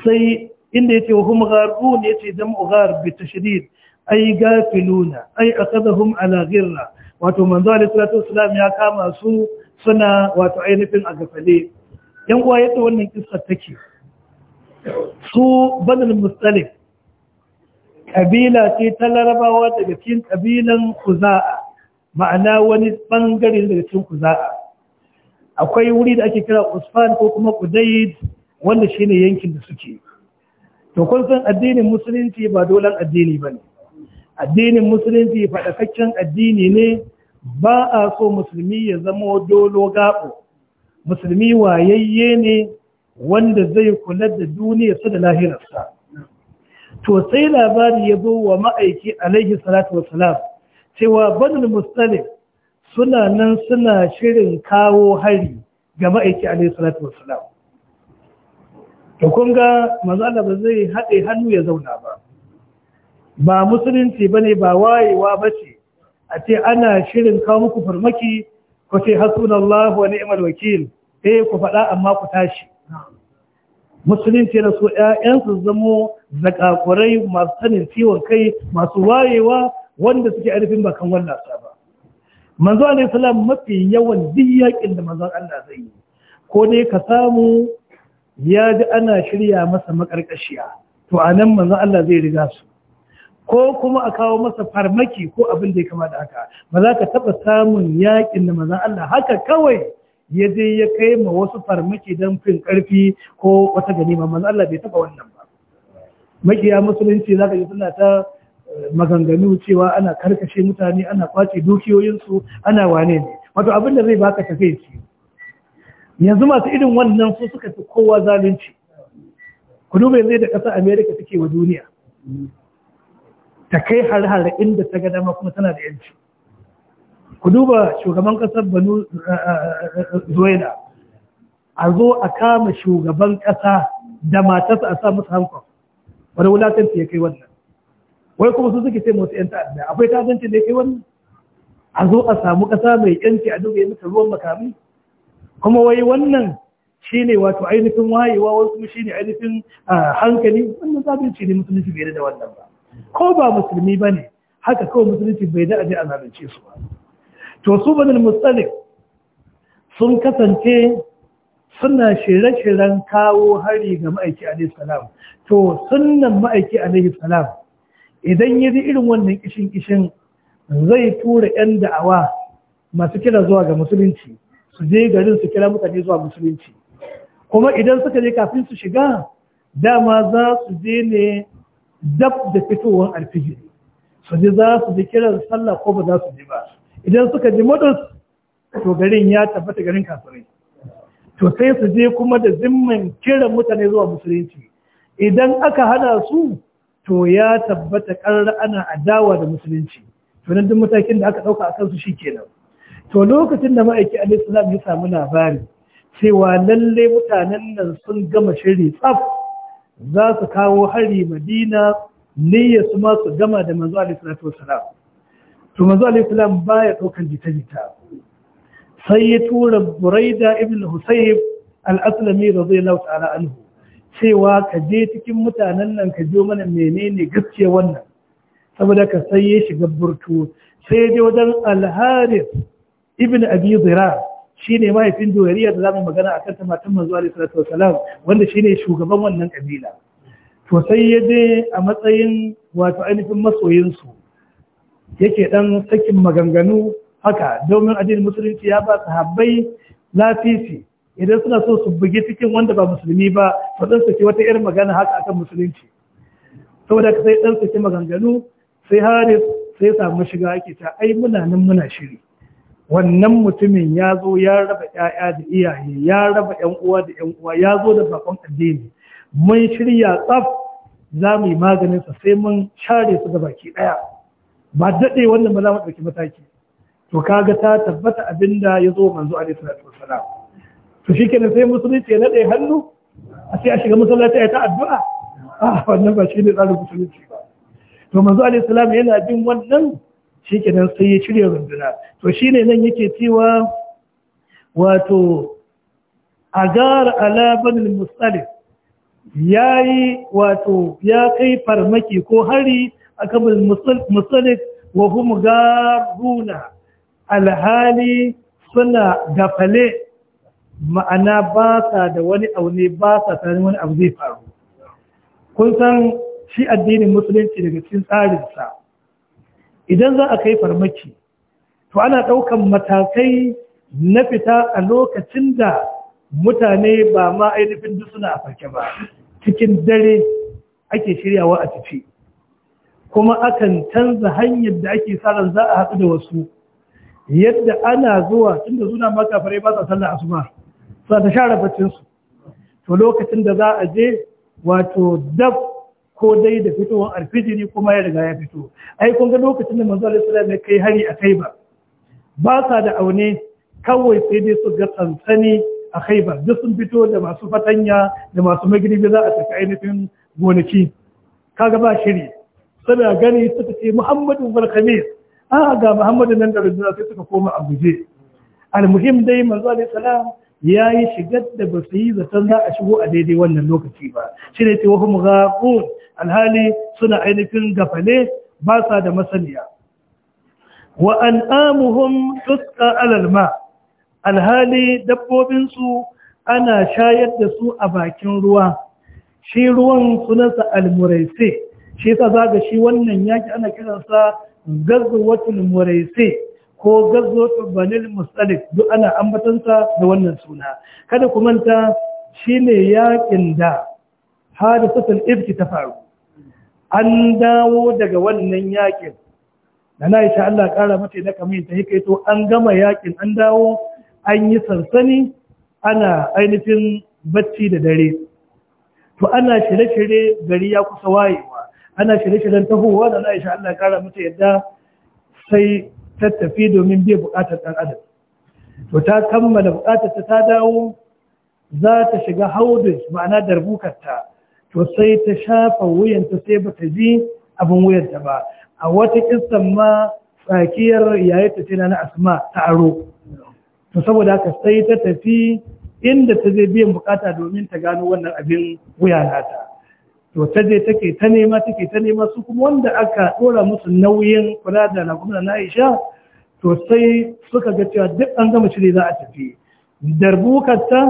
sai inda yace wa hum ne yace jam'u ghar bi tashdid ay gafiluna ay akadahum ala ghirra wato manzo alaihi salatu wasalam ya kama su suna wato ainihin a gafale yan uwa yadda wannan kisa take su banin mustalif Ƙabila ce ta larabawa daga cikin kabilan kuza'a ma'ana wani ɓangare daga cikin kuza'a akwai wuri da ake kira Usman ko kuma kudaid wanda shine yankin da suke to kun san addinin musulunci ba dolan addini bane addinin musulunci faɗakakken addini ne ba a so musulmi ya zama dolo gaɓo. musulmi wayayye ne wanda zai kula da duniya su da lahirarsa to sai labari ya zo wa ma'aiki alaihi salatu wasalam cewa banul mustalif suna nan suna shirin kawo hari ga ma'aiki alaihi salatu wasalam to kun ga manzo ba zai haɗe hannu ya zauna ba ba musulunci bane ba wayewa bace a ce ana shirin kawo muku farmaki ku ce hasunallahu wa ni'mal wakil eh ku faɗa amma ku tashi musulunci na so ƴaƴansu zamo zakakurai masu sanin ciwon kai masu wayewa wanda suke arifin bakan wannan ba manzo alaihi salam mafi yawan diyakin da manzon Allah zai yi ko ne ka samu ya ji ana shirya masa makarkashiya to anan manzo Allah zai riga su ko kuma a kawo masa farmaki ko abin da ya kama da haka ba za ka taɓa samun yaƙin da mazan Allah haka kawai ya je ya kai ma wasu farmaki don fin karfi ko wata ganima manzan Allah bai taɓa wannan ba makiya musulunci za ka ji suna ta eh, maganganu cewa ana karkashe mutane ana kwace dukiyoyinsu ana wane ne wato abin da zai baka ce. yanzu masu irin wannan su suka fi kowa zalunci ku duba zai da ƙasar Amerika take wa duniya ta kai har-har inda ta ga dama kuma tana da yanci ku duba shugaban kasar banu eh, eh, eh, Zuwaida a zo a kama shugaban kasa da matarsa a sa musu hankon wani wulatanci ya kai wannan wai kuma su suke ce motsi yan ta'adda akwai tazanci da ya kai wannan a zo a samu kasa mai yanci a duba ya ruwan makami kuma wai wannan shi ne wato ainihin wayewa wasu shi ne ainihin hankali wannan zabinci ne musulunci bai da wannan ba ko ba musulmi ba ne haka kawai musulunci bai da aje a zarance su ba to su banil mustalif sun kasance suna shirye-shiryen kawo hari ga ma'aiki alaihi salam to sunnan ma'aiki alaihi salam idan ya irin wannan kishin kishin zai tura 'yan da'awa masu kira zuwa ga musulunci su je garin su kira mutane zuwa musulunci kuma idan suka je kafin su shiga dama za su je ne dab da fitowar alfijir su ji za su ji kiran sallah ko ba za su ji ba idan suka ji mudus to garin ya tabbata garin kafirai to sai su je kuma da zimmin kiran mutane zuwa musulunci idan aka hada su to ya tabbata karra ana adawa da musulunci to nan duk matakin da aka dauka akan su kenan. to lokacin da ma'aiki alaihi salam ya samu labari cewa lalle mutanen nan sun gama shiri tsaf za su kawo hari madina niyya su ma su gama da manzo alaihi wasalam to manzo baya daukan jita-jita sai ya tura buraida ibn husayb al-aslami radiyallahu ta'ala anhu cewa ka je cikin mutanen nan ka je mana menene gaskiya wannan saboda ka sai ya shiga burtu sai ya je wajen al-harith ibn abi zira shine mahaifin juwariya da zamu magana a ta matan manzo alaihi salatu wasalam wanda shine shugaban wannan kabila to sai ya je a matsayin wato ainihin masoyinsu yake dan sakin maganganu haka domin addinin musulunci ya ba sahabbai lafifi idan suna so su bugi cikin wanda ba musulmi ba to dan saki wata irin magana haka akan musulunci saboda sai dan saki maganganu sai haris sai samu shiga ake ta ai muna nan muna shiri wannan mutumin ya zo ya raba ‘ya'ya da iyaye ya raba ƴan uwa da ƴan uwa ya zo da bakon addini mun shirya tsaf za mu yi maganinsa sai mun share su da baki ɗaya ba daɗe wannan ba za mu ɗauki mataki to kaga ta tabbata abin da ya zo manzo alaihi salatu wasalam to shi kenan sai musulunci ya naɗe hannu a sai a shiga masallaci a ta addu'a a ah, wannan ba shi ne tsarin musulunci ba to manzo alaihi salam yana bin wannan shi kenan sai ya shirya runduna to shi ne nan yake cewa wato agar alaban musalif ya yi wato ya kai farmaki ko hari a kamar musalif wa kuma garuna alhali suna gafale ma'ana ba sa da wani aune ba sa tare wani abu zai faru kun san shi addinin musulunci daga cikin tsarinsa idan za a kai farmaki to ana ɗaukan matakai na fita a lokacin da mutane ba ma ainihin duk suna a farke ba cikin dare ake shiryawa a tafi kuma akan canza hanyar da ake saran za a haɗu da wasu yadda ana zuwa tun da suna maka fare ba sa sallar asuba sa ta share su to lokacin da za a je wato dab ko dai da fitowar alfijiri kuma ya riga ya fito ai kun ga lokacin da manzo salam ya kai hari a Khaibar ba sa da aune kawai sai dai su ga tsantsani a ba duk sun fito da masu fatanya da masu magirbi za a tafi ainihin gonaki kaga ba shiri saboda gani suka ce Muhammadu bar Khamis a ga Muhammadu nan da rujuna sai suka koma a guje almuhim dai manzo alaihi salam ya yi shigar da basu yi zaton za a shigo a daidai wannan lokaci ba shi ne tewafin ghaƙun alhali suna ainihin gafale ba sa da masaniya wa an'amuhum tusqa alal ma alhali dabbobinsu ana shayar da su a bakin ruwa shi ruwan sunansa almuraisi shi ta zaga shi wannan yaki ana kiransa gazwatul muraisi ko gazwatul banil mustalik duk ana ambatansa da wannan suna kada ku manta shine yakin da hadisatul ifki ta faru an dawo daga wannan yakin da na isa Allah ƙara mata na kamar ta hika to an gama yakin an dawo an yi sansani ana ainihin bacci da dare to ana shirye-shirye gari ya kusa wayewa ana shirye shirye ta tahowa da na isa Allah ƙara mata yadda sai ta tafi domin bai buƙatar ɗan adam to ta kammala buƙatar ta dawo za ta shiga haudus ma'ana darbukarta to sai ta shafa wuyanta sai bata ta ji abin wuyanta ba a wata kissan ma tsakiyar ta tana na asma ta aro to saboda haka sai ta tafi inda ta zai biyan bukata domin ta gano wannan abin wuya nata to ta je take ta nema take ta nema su kuma wanda aka dora musu nauyin kula da laguna na Aisha to sai suka ga cewa duk an gama shirye za a tafi ta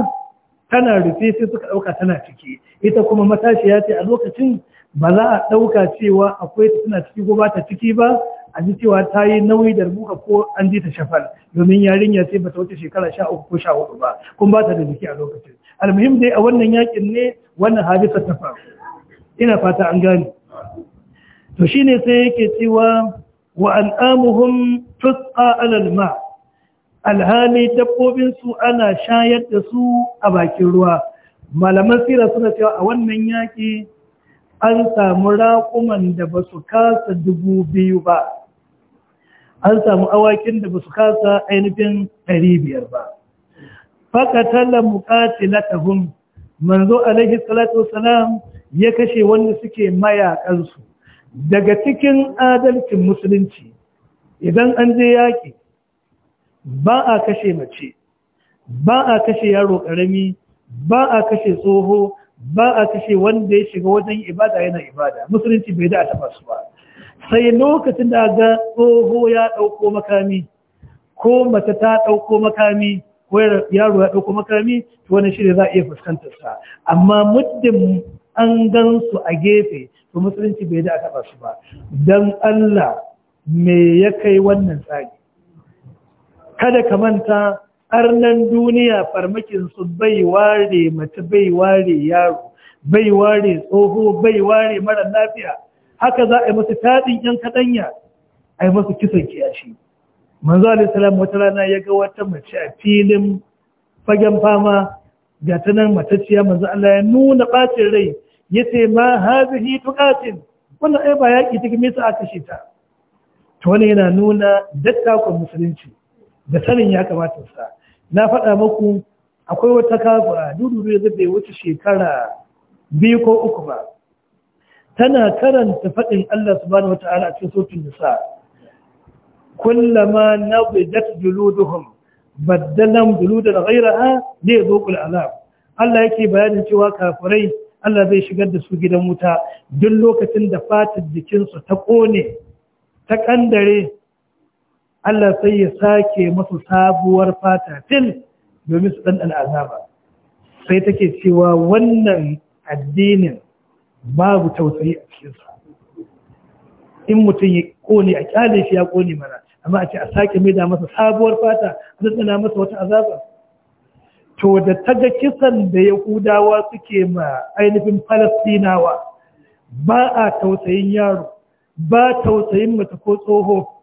tana rufe sai suka ɗauka tana ciki ita kuma ya ce a lokacin ba za a ɗauka cewa akwai ta tana ciki ko ba ta ciki ba a ji cewa ta yi nauyi da rubuka ko an ji ta shafal domin yarinya ce ba ta wuce shekara sha uku ko sha hudu ba kun ba ta da jiki a lokacin almuhim dai a wannan yakin ne wannan hadisa ta faru ina fata an gane to shine sai yake cewa wa an'amuhum tusqa alal ma alhali dabbobinsu ana shayar da su a bakin ruwa malaman sira suna cewa a wannan yaƙi an samu raƙuman da ba su kasa dubu biyu ba an samu awakin da ba su kasa ainihin ɗari biyar ba fakatalla muqatilatahum manzo alaihi salatu wasalam ya kashe wanda suke mayaƙansu. daga cikin adalcin musulunci idan an je yaƙi ba a kashe mace ba a kashe yaro karami ba a kashe tsoho ba a kashe wanda ya shiga wajen ibada yana ibada musulunci bai da a taba su ba sai lokacin da ga tsoho ya ɗauko makami ko mata ta ɗauko makami ko yaro ya ɗauko makami to wani shirya za a iya fuskantar sa amma muddin an gan su a gefe to musulunci bai da a taba su ba dan Allah me ya kai wannan tsari kada ka manta arnan duniya farmakin su bai ware mace bai ware yaro bai ware tsoho bai ware mara lafiya haka za a yi masu taɗin yan kaɗanya a yi masu kisan kiyashi manzo salam wata rana ya ga wata mace a filin fagen fama ga ta nan matacciya manzo Allah ya nuna ɓacin rai ya ce ma hazihi tuqatin wannan ai ba yaƙi take me a kashe ta to wani yana nuna dattakon musulunci da sanin ya kamata sa na faɗa maku akwai wata a dudu ya bai wuce shekara biyu ko uku ba tana karanta faɗin Allah subhanahu wata'ala a cikin sautin nisa kullama nabidat juluduhum baddalam juludan ghayraha li yadhuqul azab Allah yake bayanin cewa kafirai Allah zai shigar da su gidan wuta duk lokacin da fatar jikinsu ta ƙone ta ƙandare. Allah sai ya sake masu sabuwar fata til domin su ɗanɗana azaba sai take cewa wannan addinin babu tausayi a cikinsa in mutum ya ƙone a ƙyale shi ya ƙone mana amma a ce a sake mai da masa sabuwar fata a ɗanɗana masa wata azaba to da ta ga kisan da yahudawa suke ma ainihin falastinawa ba a tausayin yaro ba tausayin mata ko tsoho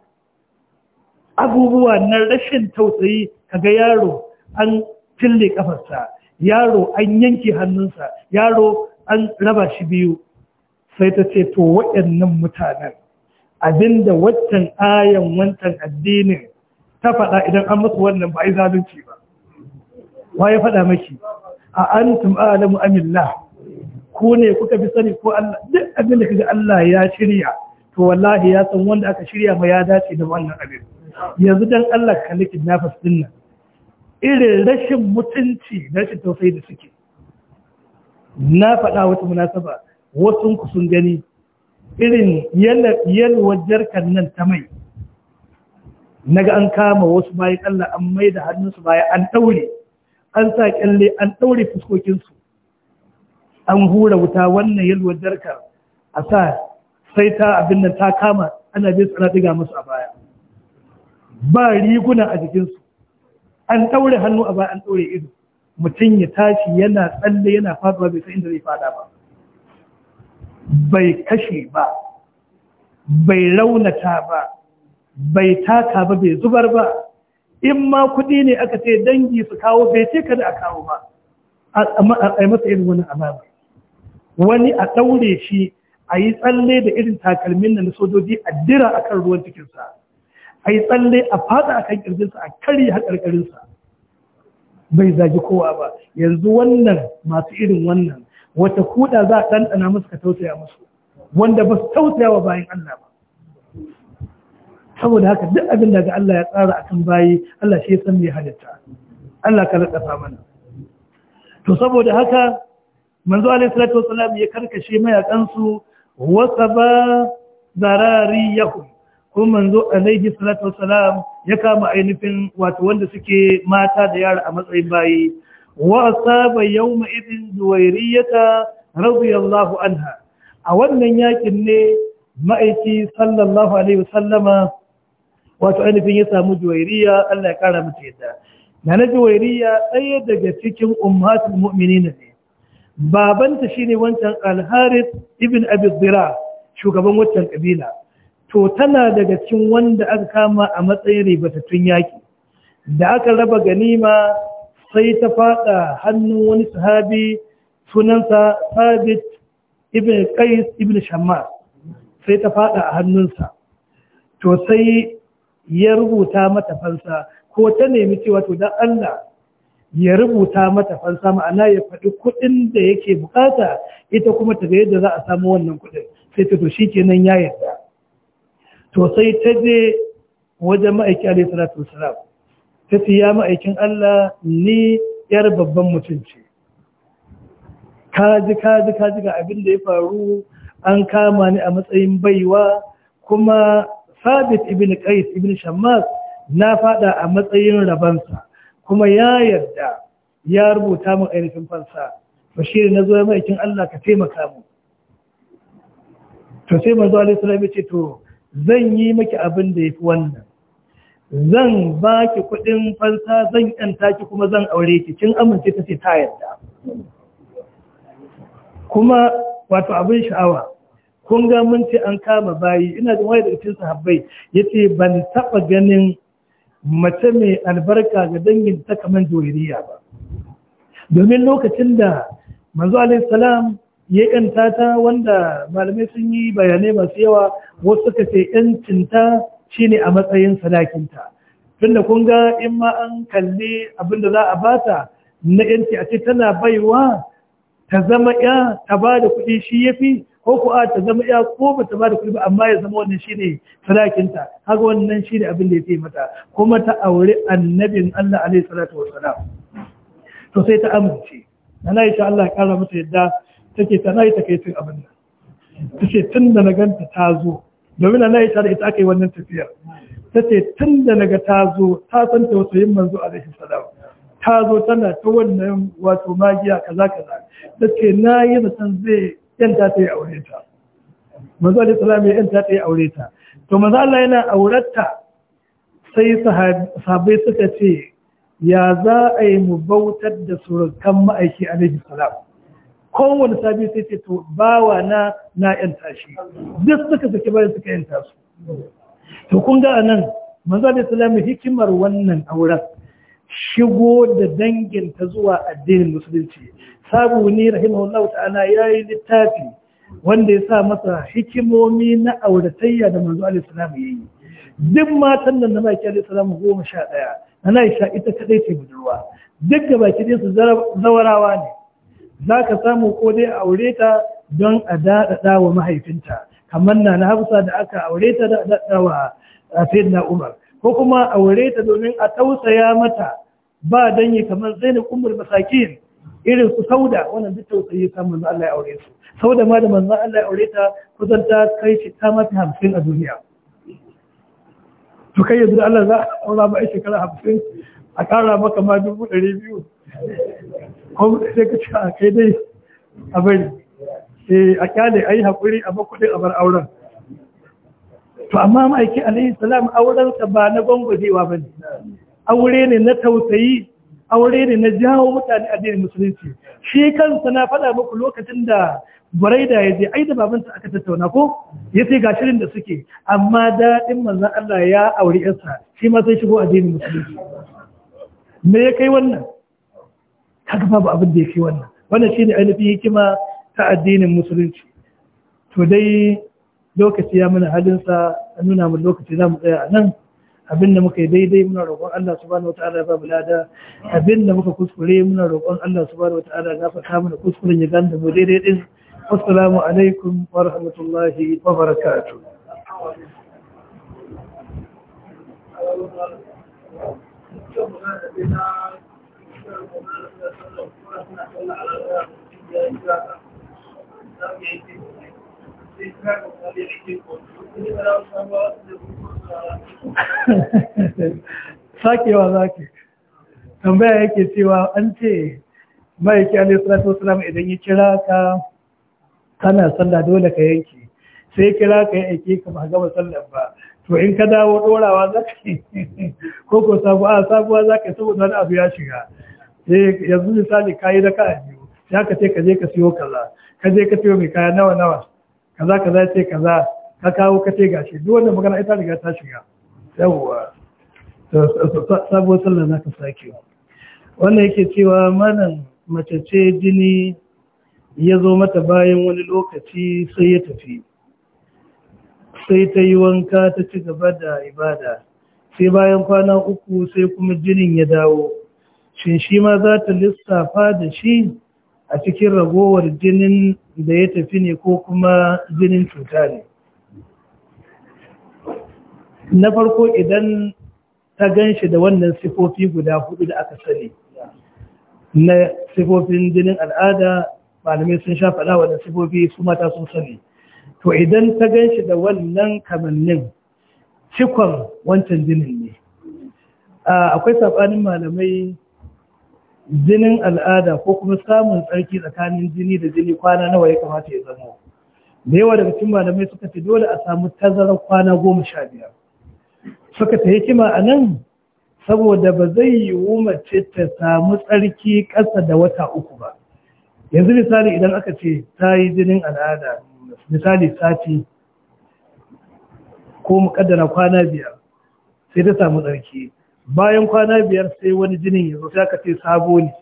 abubuwa na rashin tausayi kaga yaro an fille kafarsa yaro an yanke hannunsa yaro an raba shi biyu sai ta ce to waɗannan mutanen abinda waccan ayan wancan addinin ta faɗa idan an masu wannan ba a yi zalunci ba wa ya faɗa maki a antum alamu amillah ko ne kuka fi sani ko Allah duk abin kaga Allah ya shirya to wallahi ya san wanda aka shirya ma ya dace da wannan abin yanzu don Allah kalli kidnappers din nan irin rashin mutunci rashin tausayi da suke na faɗa wata munasaba wasu ku sun gani irin yalwar jarkar nan ta mai Na ga an kama wasu bayan Allah an mai da hannunsu baya an ɗaure an sa kyalle an ɗaure fuskokinsu an hura wuta wannan yalwar jarkar a sa sai ta abin nan ta kama ana bin tsara diga masu a baya ba riguna a jikinsu an ɗaure hannu a ba an ɗaure ido mutum ya tashi yana tsalle yana faduwa bai san inda zai fada ba bai kashe ba bai raunata ba bai taka ba bai zubar ba in ma kuɗi ne aka ce dangi su kawo bai ce kada a kawo ba a masa irin wani alama wani a ɗaure shi a yi tsalle da irin takalmin na sojoji a dira akan ruwan cikinsa a yi tsalle a fada a kan ƙirjinsa a karya ƙarƙarinsa bai zagi kowa ba yanzu wannan masu irin wannan wata kuda za a ɗanɗana musu ka tausaya musu wanda ba su tausaya wa bayan Allah ba saboda haka duk abin da Allah ya tsara akan bayi Allah shi ya san mai halitta Allah ka raɗafa mana to saboda haka manzo alaihi salatu wasallam ya karkashe mayakansu wasa ba zarariyahum kun manzo alaihi salatu wassalam ya kama ainihin wato wanda suke mata da yara a matsayin bayi wa asaba yawma idin zuwairiyata. radiyallahu anha a wannan yakin ne ma'aiki sallallahu alaihi wasallama wato ainihin ya samu zuwairiya. Allah ya kara mata yadda na na ɗaya daga cikin ummatul mu'minin ne babanta shine wancan al-harith ibn abi dhira shugaban wancan kabila to tana daga cikin wanda aka kama a matsayin ribatattun yaƙi da aka raba ganima sai ta faɗa hannun wani sahabi sunansa sabit ibn qais ibn shammar sai ta faɗa a hannunsa to sai ya rubuta mata fansa ko ta nemi cewa to dan Allah ya rubuta mata fansa ma'ana ya faɗi kuɗin da yake bukata ita kuma ta ga yadda za a samu wannan kuɗin sai ta to shikenan ya yarda to sai ta je wajen ma'aiki alaihi salatu wasalam ta ce ya ma'aikin Allah ni yar babban mutum ce kaji kaji kaji ga abin da ya faru an kama ni a matsayin baiwa kuma sabit ibn qais ibn shammas na fada a matsayin rabansa kuma ya yarda ya rubuta min ainihin fansa to shi ne zo ma'aikin Allah ka taimaka mu to sai manzo alaihi ya ce to zan yi maki abin da ya fi wannan zan ba ki kuɗin fansa zan yanta ki kuma zan aure ki kin amince ta ce ta yarda. kuma wato abin sha'awa kun ga mun ce an kama bayi ina jin waye daga cikin sahabbai yace ban taba ganin mace mai albarka ga dangin ta kaman joyiriya ba domin lokacin da manzo alaihi salam ya ƴan ta wanda malamai sun yi bayanai masu yawa wasu suka ce shi ne a matsayin sadakinta tunda kun ga in ma an kalli abin da za a bata na yanci a ce tana baiwa ta zama ya ta ba da kuɗi shi ya fi ko ku ta zama ya ko ba ta ba da kuɗi ba amma ya zama wannan shi ne sadakinta haka wannan shi ne abin da ya fi mata kuma ta aure annabin Allah alaihi salatu wassalam to ta amince na na Allah ya mata yadda take ta na yi takaicin abin nan ta ce tun da na ganta ta zo domin na yi da ita aka yi wannan tafiya. ta ce tun da na ga ta zo ta san tausayin manzo a rashin salam ta zo tana ta wannan wato magiya kaza kaza ta ce na yi san zai yanta ta yi aure ta manzo alaihi salam ya yanta ta yi aure ta to manzo Allah yana aurata sai sahabbai suka ce ya za a yi mu bautar da surukan ma'aiki alaihi salam kowane sabi sai ce to bawa na na yan tashi. duk suka saki bayan suka yanta su to kun ga anan manzo da salamu hikimar wannan auren shigo da ta zuwa addinin musulunci sabu ne rahimahullahu ta'ala yayi littafi wanda ya sa masa hikimomi na auratayya da manzo alaihi salamu yayi duk matan nan na baki alaihi salamu goma sha ɗaya na na ita kadai ce budurwa duk da baki su zawarawa ne za ka samu ko dai a aure ta don a daɗaɗa wa mahaifinta kamar na na hafsa da aka aure ta daɗaɗa wa sayyidina umar ko kuma aure ta domin a tausaya mata ba danyi kamar zainab Umar masakin irin su sauda wannan duk tausayi ta manzo Allah ya aure su sauda ma da manzo Allah ya aure ta kusan ta kai shi ta mafi hamsin a duniya to kai yanzu Allah za a aura ba shekara hamsin a kara maka ma dubu ɗari biyu. ko sai ka ce a kai dai a bari eh a kyale ayi hakuri a bakudin a bar auren to amma ma'aiki alaihi salam auren sa ba na gwangwajewa bane aure ne na tausayi aure ne na jawo mutane addinin musulunci shi kansa na faɗa muku lokacin da Buraida ya je ai da babansa aka tattauna ko ya ce ga shirin da suke amma daɗin manzan Allah ya auri yarsa shi ma sai shigo addinin musulunci me ya kai wannan kaga ba abin da yake wannan wannan shine ainihin hikima ta addinin musulunci to dai lokaci ya mana sa a nuna mu lokaci za tsaya a nan abin da muka yi daidai muna roƙon Allah subhanahu wata'ala ya babu lada abin da muka kuskure muna roƙon Allah subhanahu wata'ala ya fata mana kuskuren ya ganda mu daidai din assalamu alaikum wa rahmatullahi wa barakatuh Thank you. sakewa za ki tambaya yake cewa an ce ma'aiki alaihissalatu wasalam idan ya kira ka kana sallah dole ka yanki sai ya kira ka ya ka ba gama sallah ba to in ka dawo dorawa za ka ko ko sabuwa za ka saboda wani abu ya shiga sai eh, yanzu misali ka yi raka a biyu ya ka ce ka je ka siyo kaza ka je ka siyo mai kaya nawa nawa kaza kaza ce kaza ka kawo ka ce gashi duk wanda magana ita riga ta shiga yawwa sabo sallah na ka sake wannan yake cewa manan mace ce jini ya zo mata bayan wani lokaci sai ya tafi sai ta yi wanka ta ci gaba da ibada sai bayan kwana uku sai kuma jinin ya dawo shin shi ma za ta lissafa da shi a cikin ragowar jinin da ya tafi ne ko kuma jinin cuta ne na farko idan ta gan shi da wannan sifofi guda hudu da aka sani na sifofin jinin al'ada malamai sun sha faɗa wa sifofi su mata sun sani to idan ta gan shi da wannan kamannin cikon wancan jinin ne akwai saɓanin malamai jinin al'ada ko kuma samun tsarki tsakanin jini da jini kwana nawa ya kamata ya zama da yawa daga cikin malamai suka ce dole a samu tazarar kwana goma sha biyar suka ta hikima a nan saboda ba zai yiwu mace ta samu tsarki ƙasa da wata uku ba yanzu misali idan aka ce ta yi jinin al'ada misali sati ko muƙaddara kwana biyar sai ta samu tsarki bayan kwana biyar sai wani jinin ya zo sai aka ce sabo ne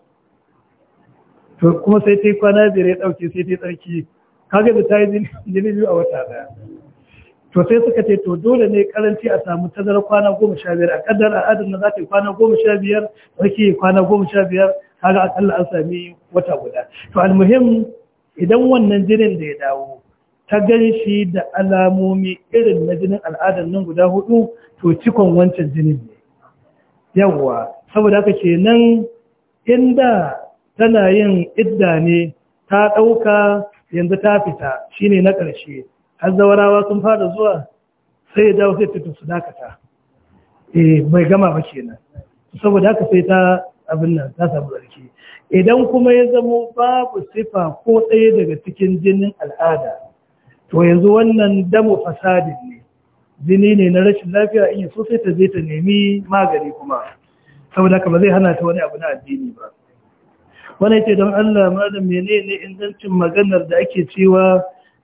to kuma sai ta yi kwana biyar ya ɗauke sai ta yi tsarki kaga da ta yi jini biyu a wata ɗaya to sai suka ce to dole ne karanci a samu tazarar kwana goma sha biyar a kaddar al'adar na za ta yi kwana goma sha biyar tsarki kwana goma sha biyar kaga akalla an sami wata guda to almuhim idan wannan jinin da ya dawo ta gan shi da alamomi irin na jinin al'adar nan guda hudu to cikon wancan jinin ne yawwa saboda haka nan, inda tana yin idda ne ta ɗauka yanzu ta fita shine na ƙarshe har zawarawa sun fara zuwa sai ya dawo sai tafi su dakata eh bai gama ba kenan saboda haka sai ta abin nan ta samu zarki idan kuma ya zamo babu sifa ko ɗaya daga cikin jinin al'ada to yanzu wannan damu fasadin ne jini ne na rashin lafiya in yi sosai ta je ta nemi magani kuma saboda haka ba zai hana ta wani abu na addini ba wani ce don Allah malam menene ingancin maganar da ake cewa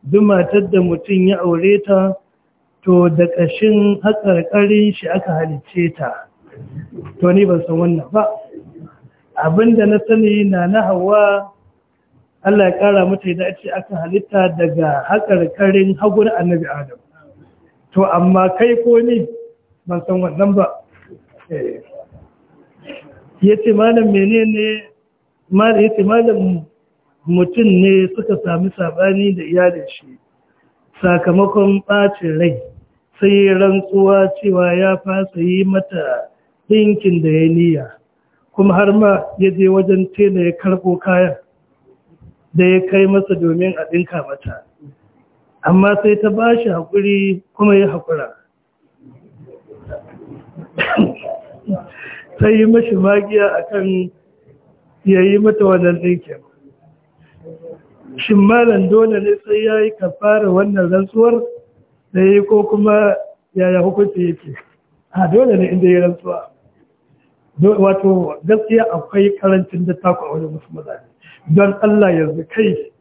duk matar da mutum ya aure ta to da ƙashin haƙarƙarin shi aka halice ta to ni ban san wannan ba abin da na sani na na hawa Allah ya ƙara mata idan ce aka halitta daga haƙarƙarin na annabi Adam to amma kai ko ni ban san wannan ba eh. ya ce malam mene ne ya ce malam mutum ne suka sami sabani da iyalin shi sakamakon ɓacin rai sai rantsuwa cewa ya fasa yi mata ɗinkin da ya niya kuma har ma ya je wajen tela ya karɓo kayan da ya kai masa domin a ɗinka mata amma sai ta ba shi haƙuri kuma ya haƙura sai yi mashi magiya a kan yayi mata wannan ɗinkin shimmalan dole ne sai ya yi fara wannan rantsuwar da ya yi ko kuma yaya hukunci yake a dole ne inda ya rantsuwa wato gaskiya akwai karancin da takwa wajen musu mazaje don allah yanzu kai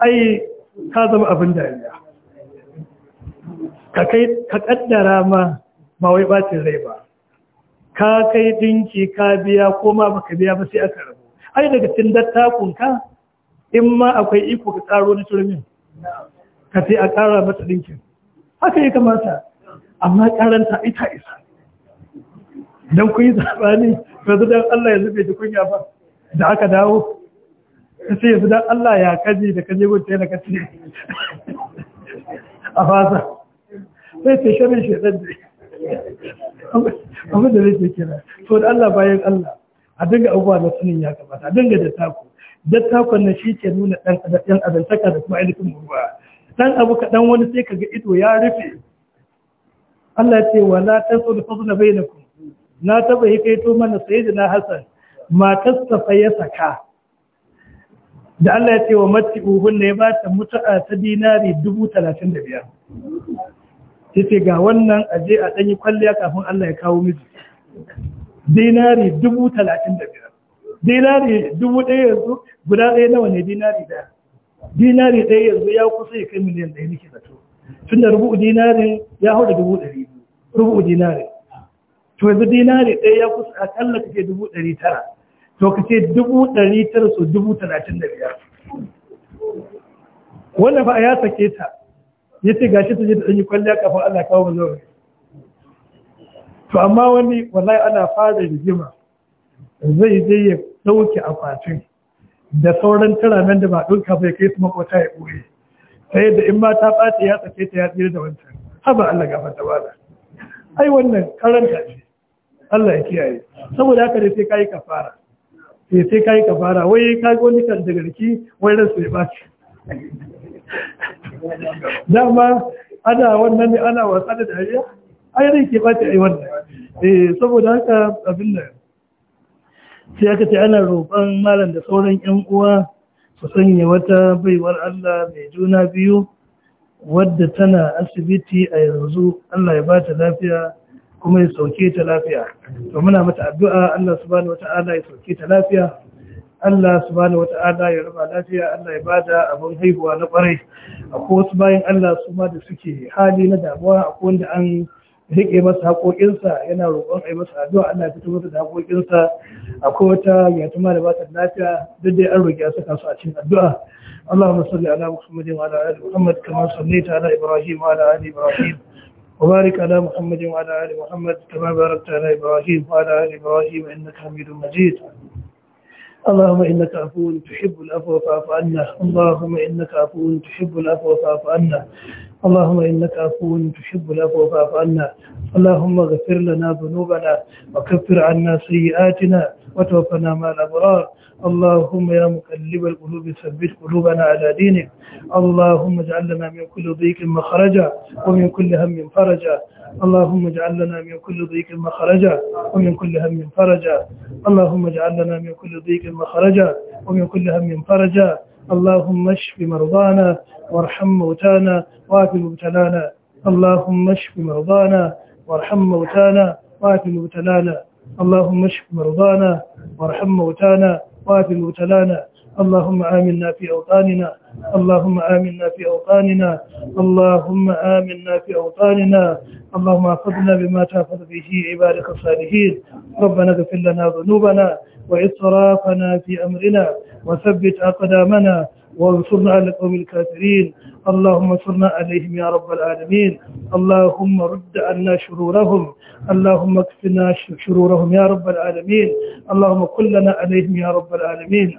ai ka zama abin dariya ka kai ka kaddara ma ba wai rai ba ka kai dinki ka biya ko ma baka biya ba sai aka rabu ai daga cikin dattakun ka in ma akwai iko ka tsaro na turmin ka sai a ƙara mata dinkin haka ya kamata amma karanta ita isa don kun yi ba yanzu dan Allah ya zube da kunya ba da aka dawo sai yanzu dan Allah ya kaje da kaje gun tela ka ce a fasa sai ta shirin shedan da abin da zai kira to da Allah bayan Allah a dinga abubuwa na sunin ya kamata a dinga da taku. da takon na shi ke nuna dan abin adantaka da kuma ainihin ruwa dan abu kaɗan wani sai kaga ido ya rufe Allah ce wa la tasu da Na bainakum na taba hikaito mana sayyidina Hassan matar safa ya saka da Allah ya ce wa mati uhun ya ba ta mutu'a ta dinari dubu talatin da biyar ta ce ga wannan aje a ɗanyi kwalliya kafin Allah ya kawo miji dinari dubu talatin da biyar dinari dubu ɗaya yanzu guda ɗaya nawa ne dinari ɗaya dinari ɗaya yanzu ya kusa ya kai miliyan ɗaya nake zato tun da rubu'u dinarin ya hau da dubu ɗari rubu'u dinarin to yanzu dinari ɗaya ya kusa akalla kake dubu ɗari tara to ka ce dubu ɗari tara su dubu talatin da biyar wannan fa ya sake ta ya ce gashi ta je da ɗanyi kwalliya kafin Allah kawo mu zuwa to amma wani wallahi ana fara rigima zai je ya ɗauke akwatin da sauran turamen da ba ɗauka bai kai su makwata ya ɓoye Ta yadda in ma ta ɓace ya sake ta ya tsira da wancan haba Allah gafa da bada ai wannan karanta ce Allah ya kiyaye saboda haka dai sai ka kafara Eh, sai sai kayi ka fara wai ka wani kan daga riki wai ran su ya baci dama ana wannan ne ana wasa da dariya ai rai ke baci ai wannan eh saboda haka abin nan sai aka ce ana roƙon malam da sauran yan uwa su sanya wata baiwar Allah mai juna biyu wadda tana asibiti a yanzu Allah ya bata lafiya kuma ya sauke ta lafiya to muna mata addu'a Allah subhanahu wata'ala ya sauke ta lafiya Allah subhanahu wata'ala ya raba lafiya Allah ya bada abin haihuwa na kwarai akwai wasu bayan Allah su ma da suke hali na damuwa akwai wanda an rike masa haƙoƙinsa yana roƙon a yi masa addu'a Allah ya fito masa da haƙoƙinsa akwai wata ma da ba ta lafiya duk dai an roƙi a saka su a cikin addu'a اللهم صل على محمد وعلى ال محمد كما صليت على ابراهيم وعلى ال ابراهيم وبارك على محمد وعلى آل محمد كما باركت على إبراهيم وعلى آل إبراهيم إنك حميد مجيد اللهم إنك عفو تحب العفو فاعف عنا اللهم إنك عفو تحب العفو فاعف عنا اللهم إنك عفو تحب العفو فاعف عنا اللهم اغفر لنا ذنوبنا وكفر عنا سيئاتنا وتوفنا مع الأبرار اللهم يا مقلب القلوب ثبت قلوبنا على دينك اللهم اجعل لنا من كل ضيق مخرجا ومن كل هم فرجا اللهم اجعل لنا من كل ضيق مخرجا ومن كل هم فرجا اللهم اجعل لنا من كل ضيق مخرجا ومن كل هم فرجا اللهم اشف مرضانا وارحم موتانا واعف مبتلانا اللهم اشف مرضانا وارحم موتانا واعف مبتلانا اللهم اشف مرضانا وارحم موتانا واعف مبتلانا اللهم آمنا في أوطاننا اللهم آمنا في أوطاننا اللهم آمنا في أوطاننا اللهم احفظنا بما تحفظ به عبادك الصالحين ربنا اغفر لنا ذنوبنا وإسرافنا في أمرنا وثبت أقدامنا وانصرنا على القوم الكافرين اللهم انصرنا عليهم يا رب العالمين اللهم رد عنا شرورهم اللهم اكفنا شرورهم يا رب العالمين اللهم كلنا عليهم يا رب العالمين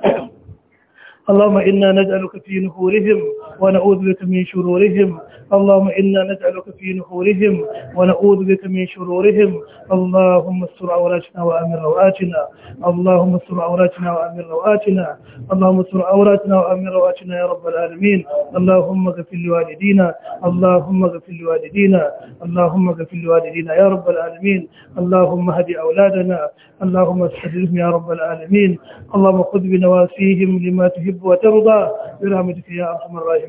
اللهم إنا نجعلك في نهورهم ونعوذ بك من شرورهم اللهم إنا نجعلك في نحورهم ونعوذ بك من شرورهم اللهم استر عوراتنا وأمن روآتنا اللهم استر عوراتنا وأمن روآتنا اللهم استر عوراتنا وأمن روآتنا يا رب العالمين اللهم اغفر لوالدينا اللهم اغفر لوالدينا اللهم اغفر لوالدينا يا رب العالمين اللهم هد أولادنا اللهم استجلهم يا رب العالمين اللهم خذ بنواسيهم لما تحب وترضى برحمتك يا أرحم الراحمين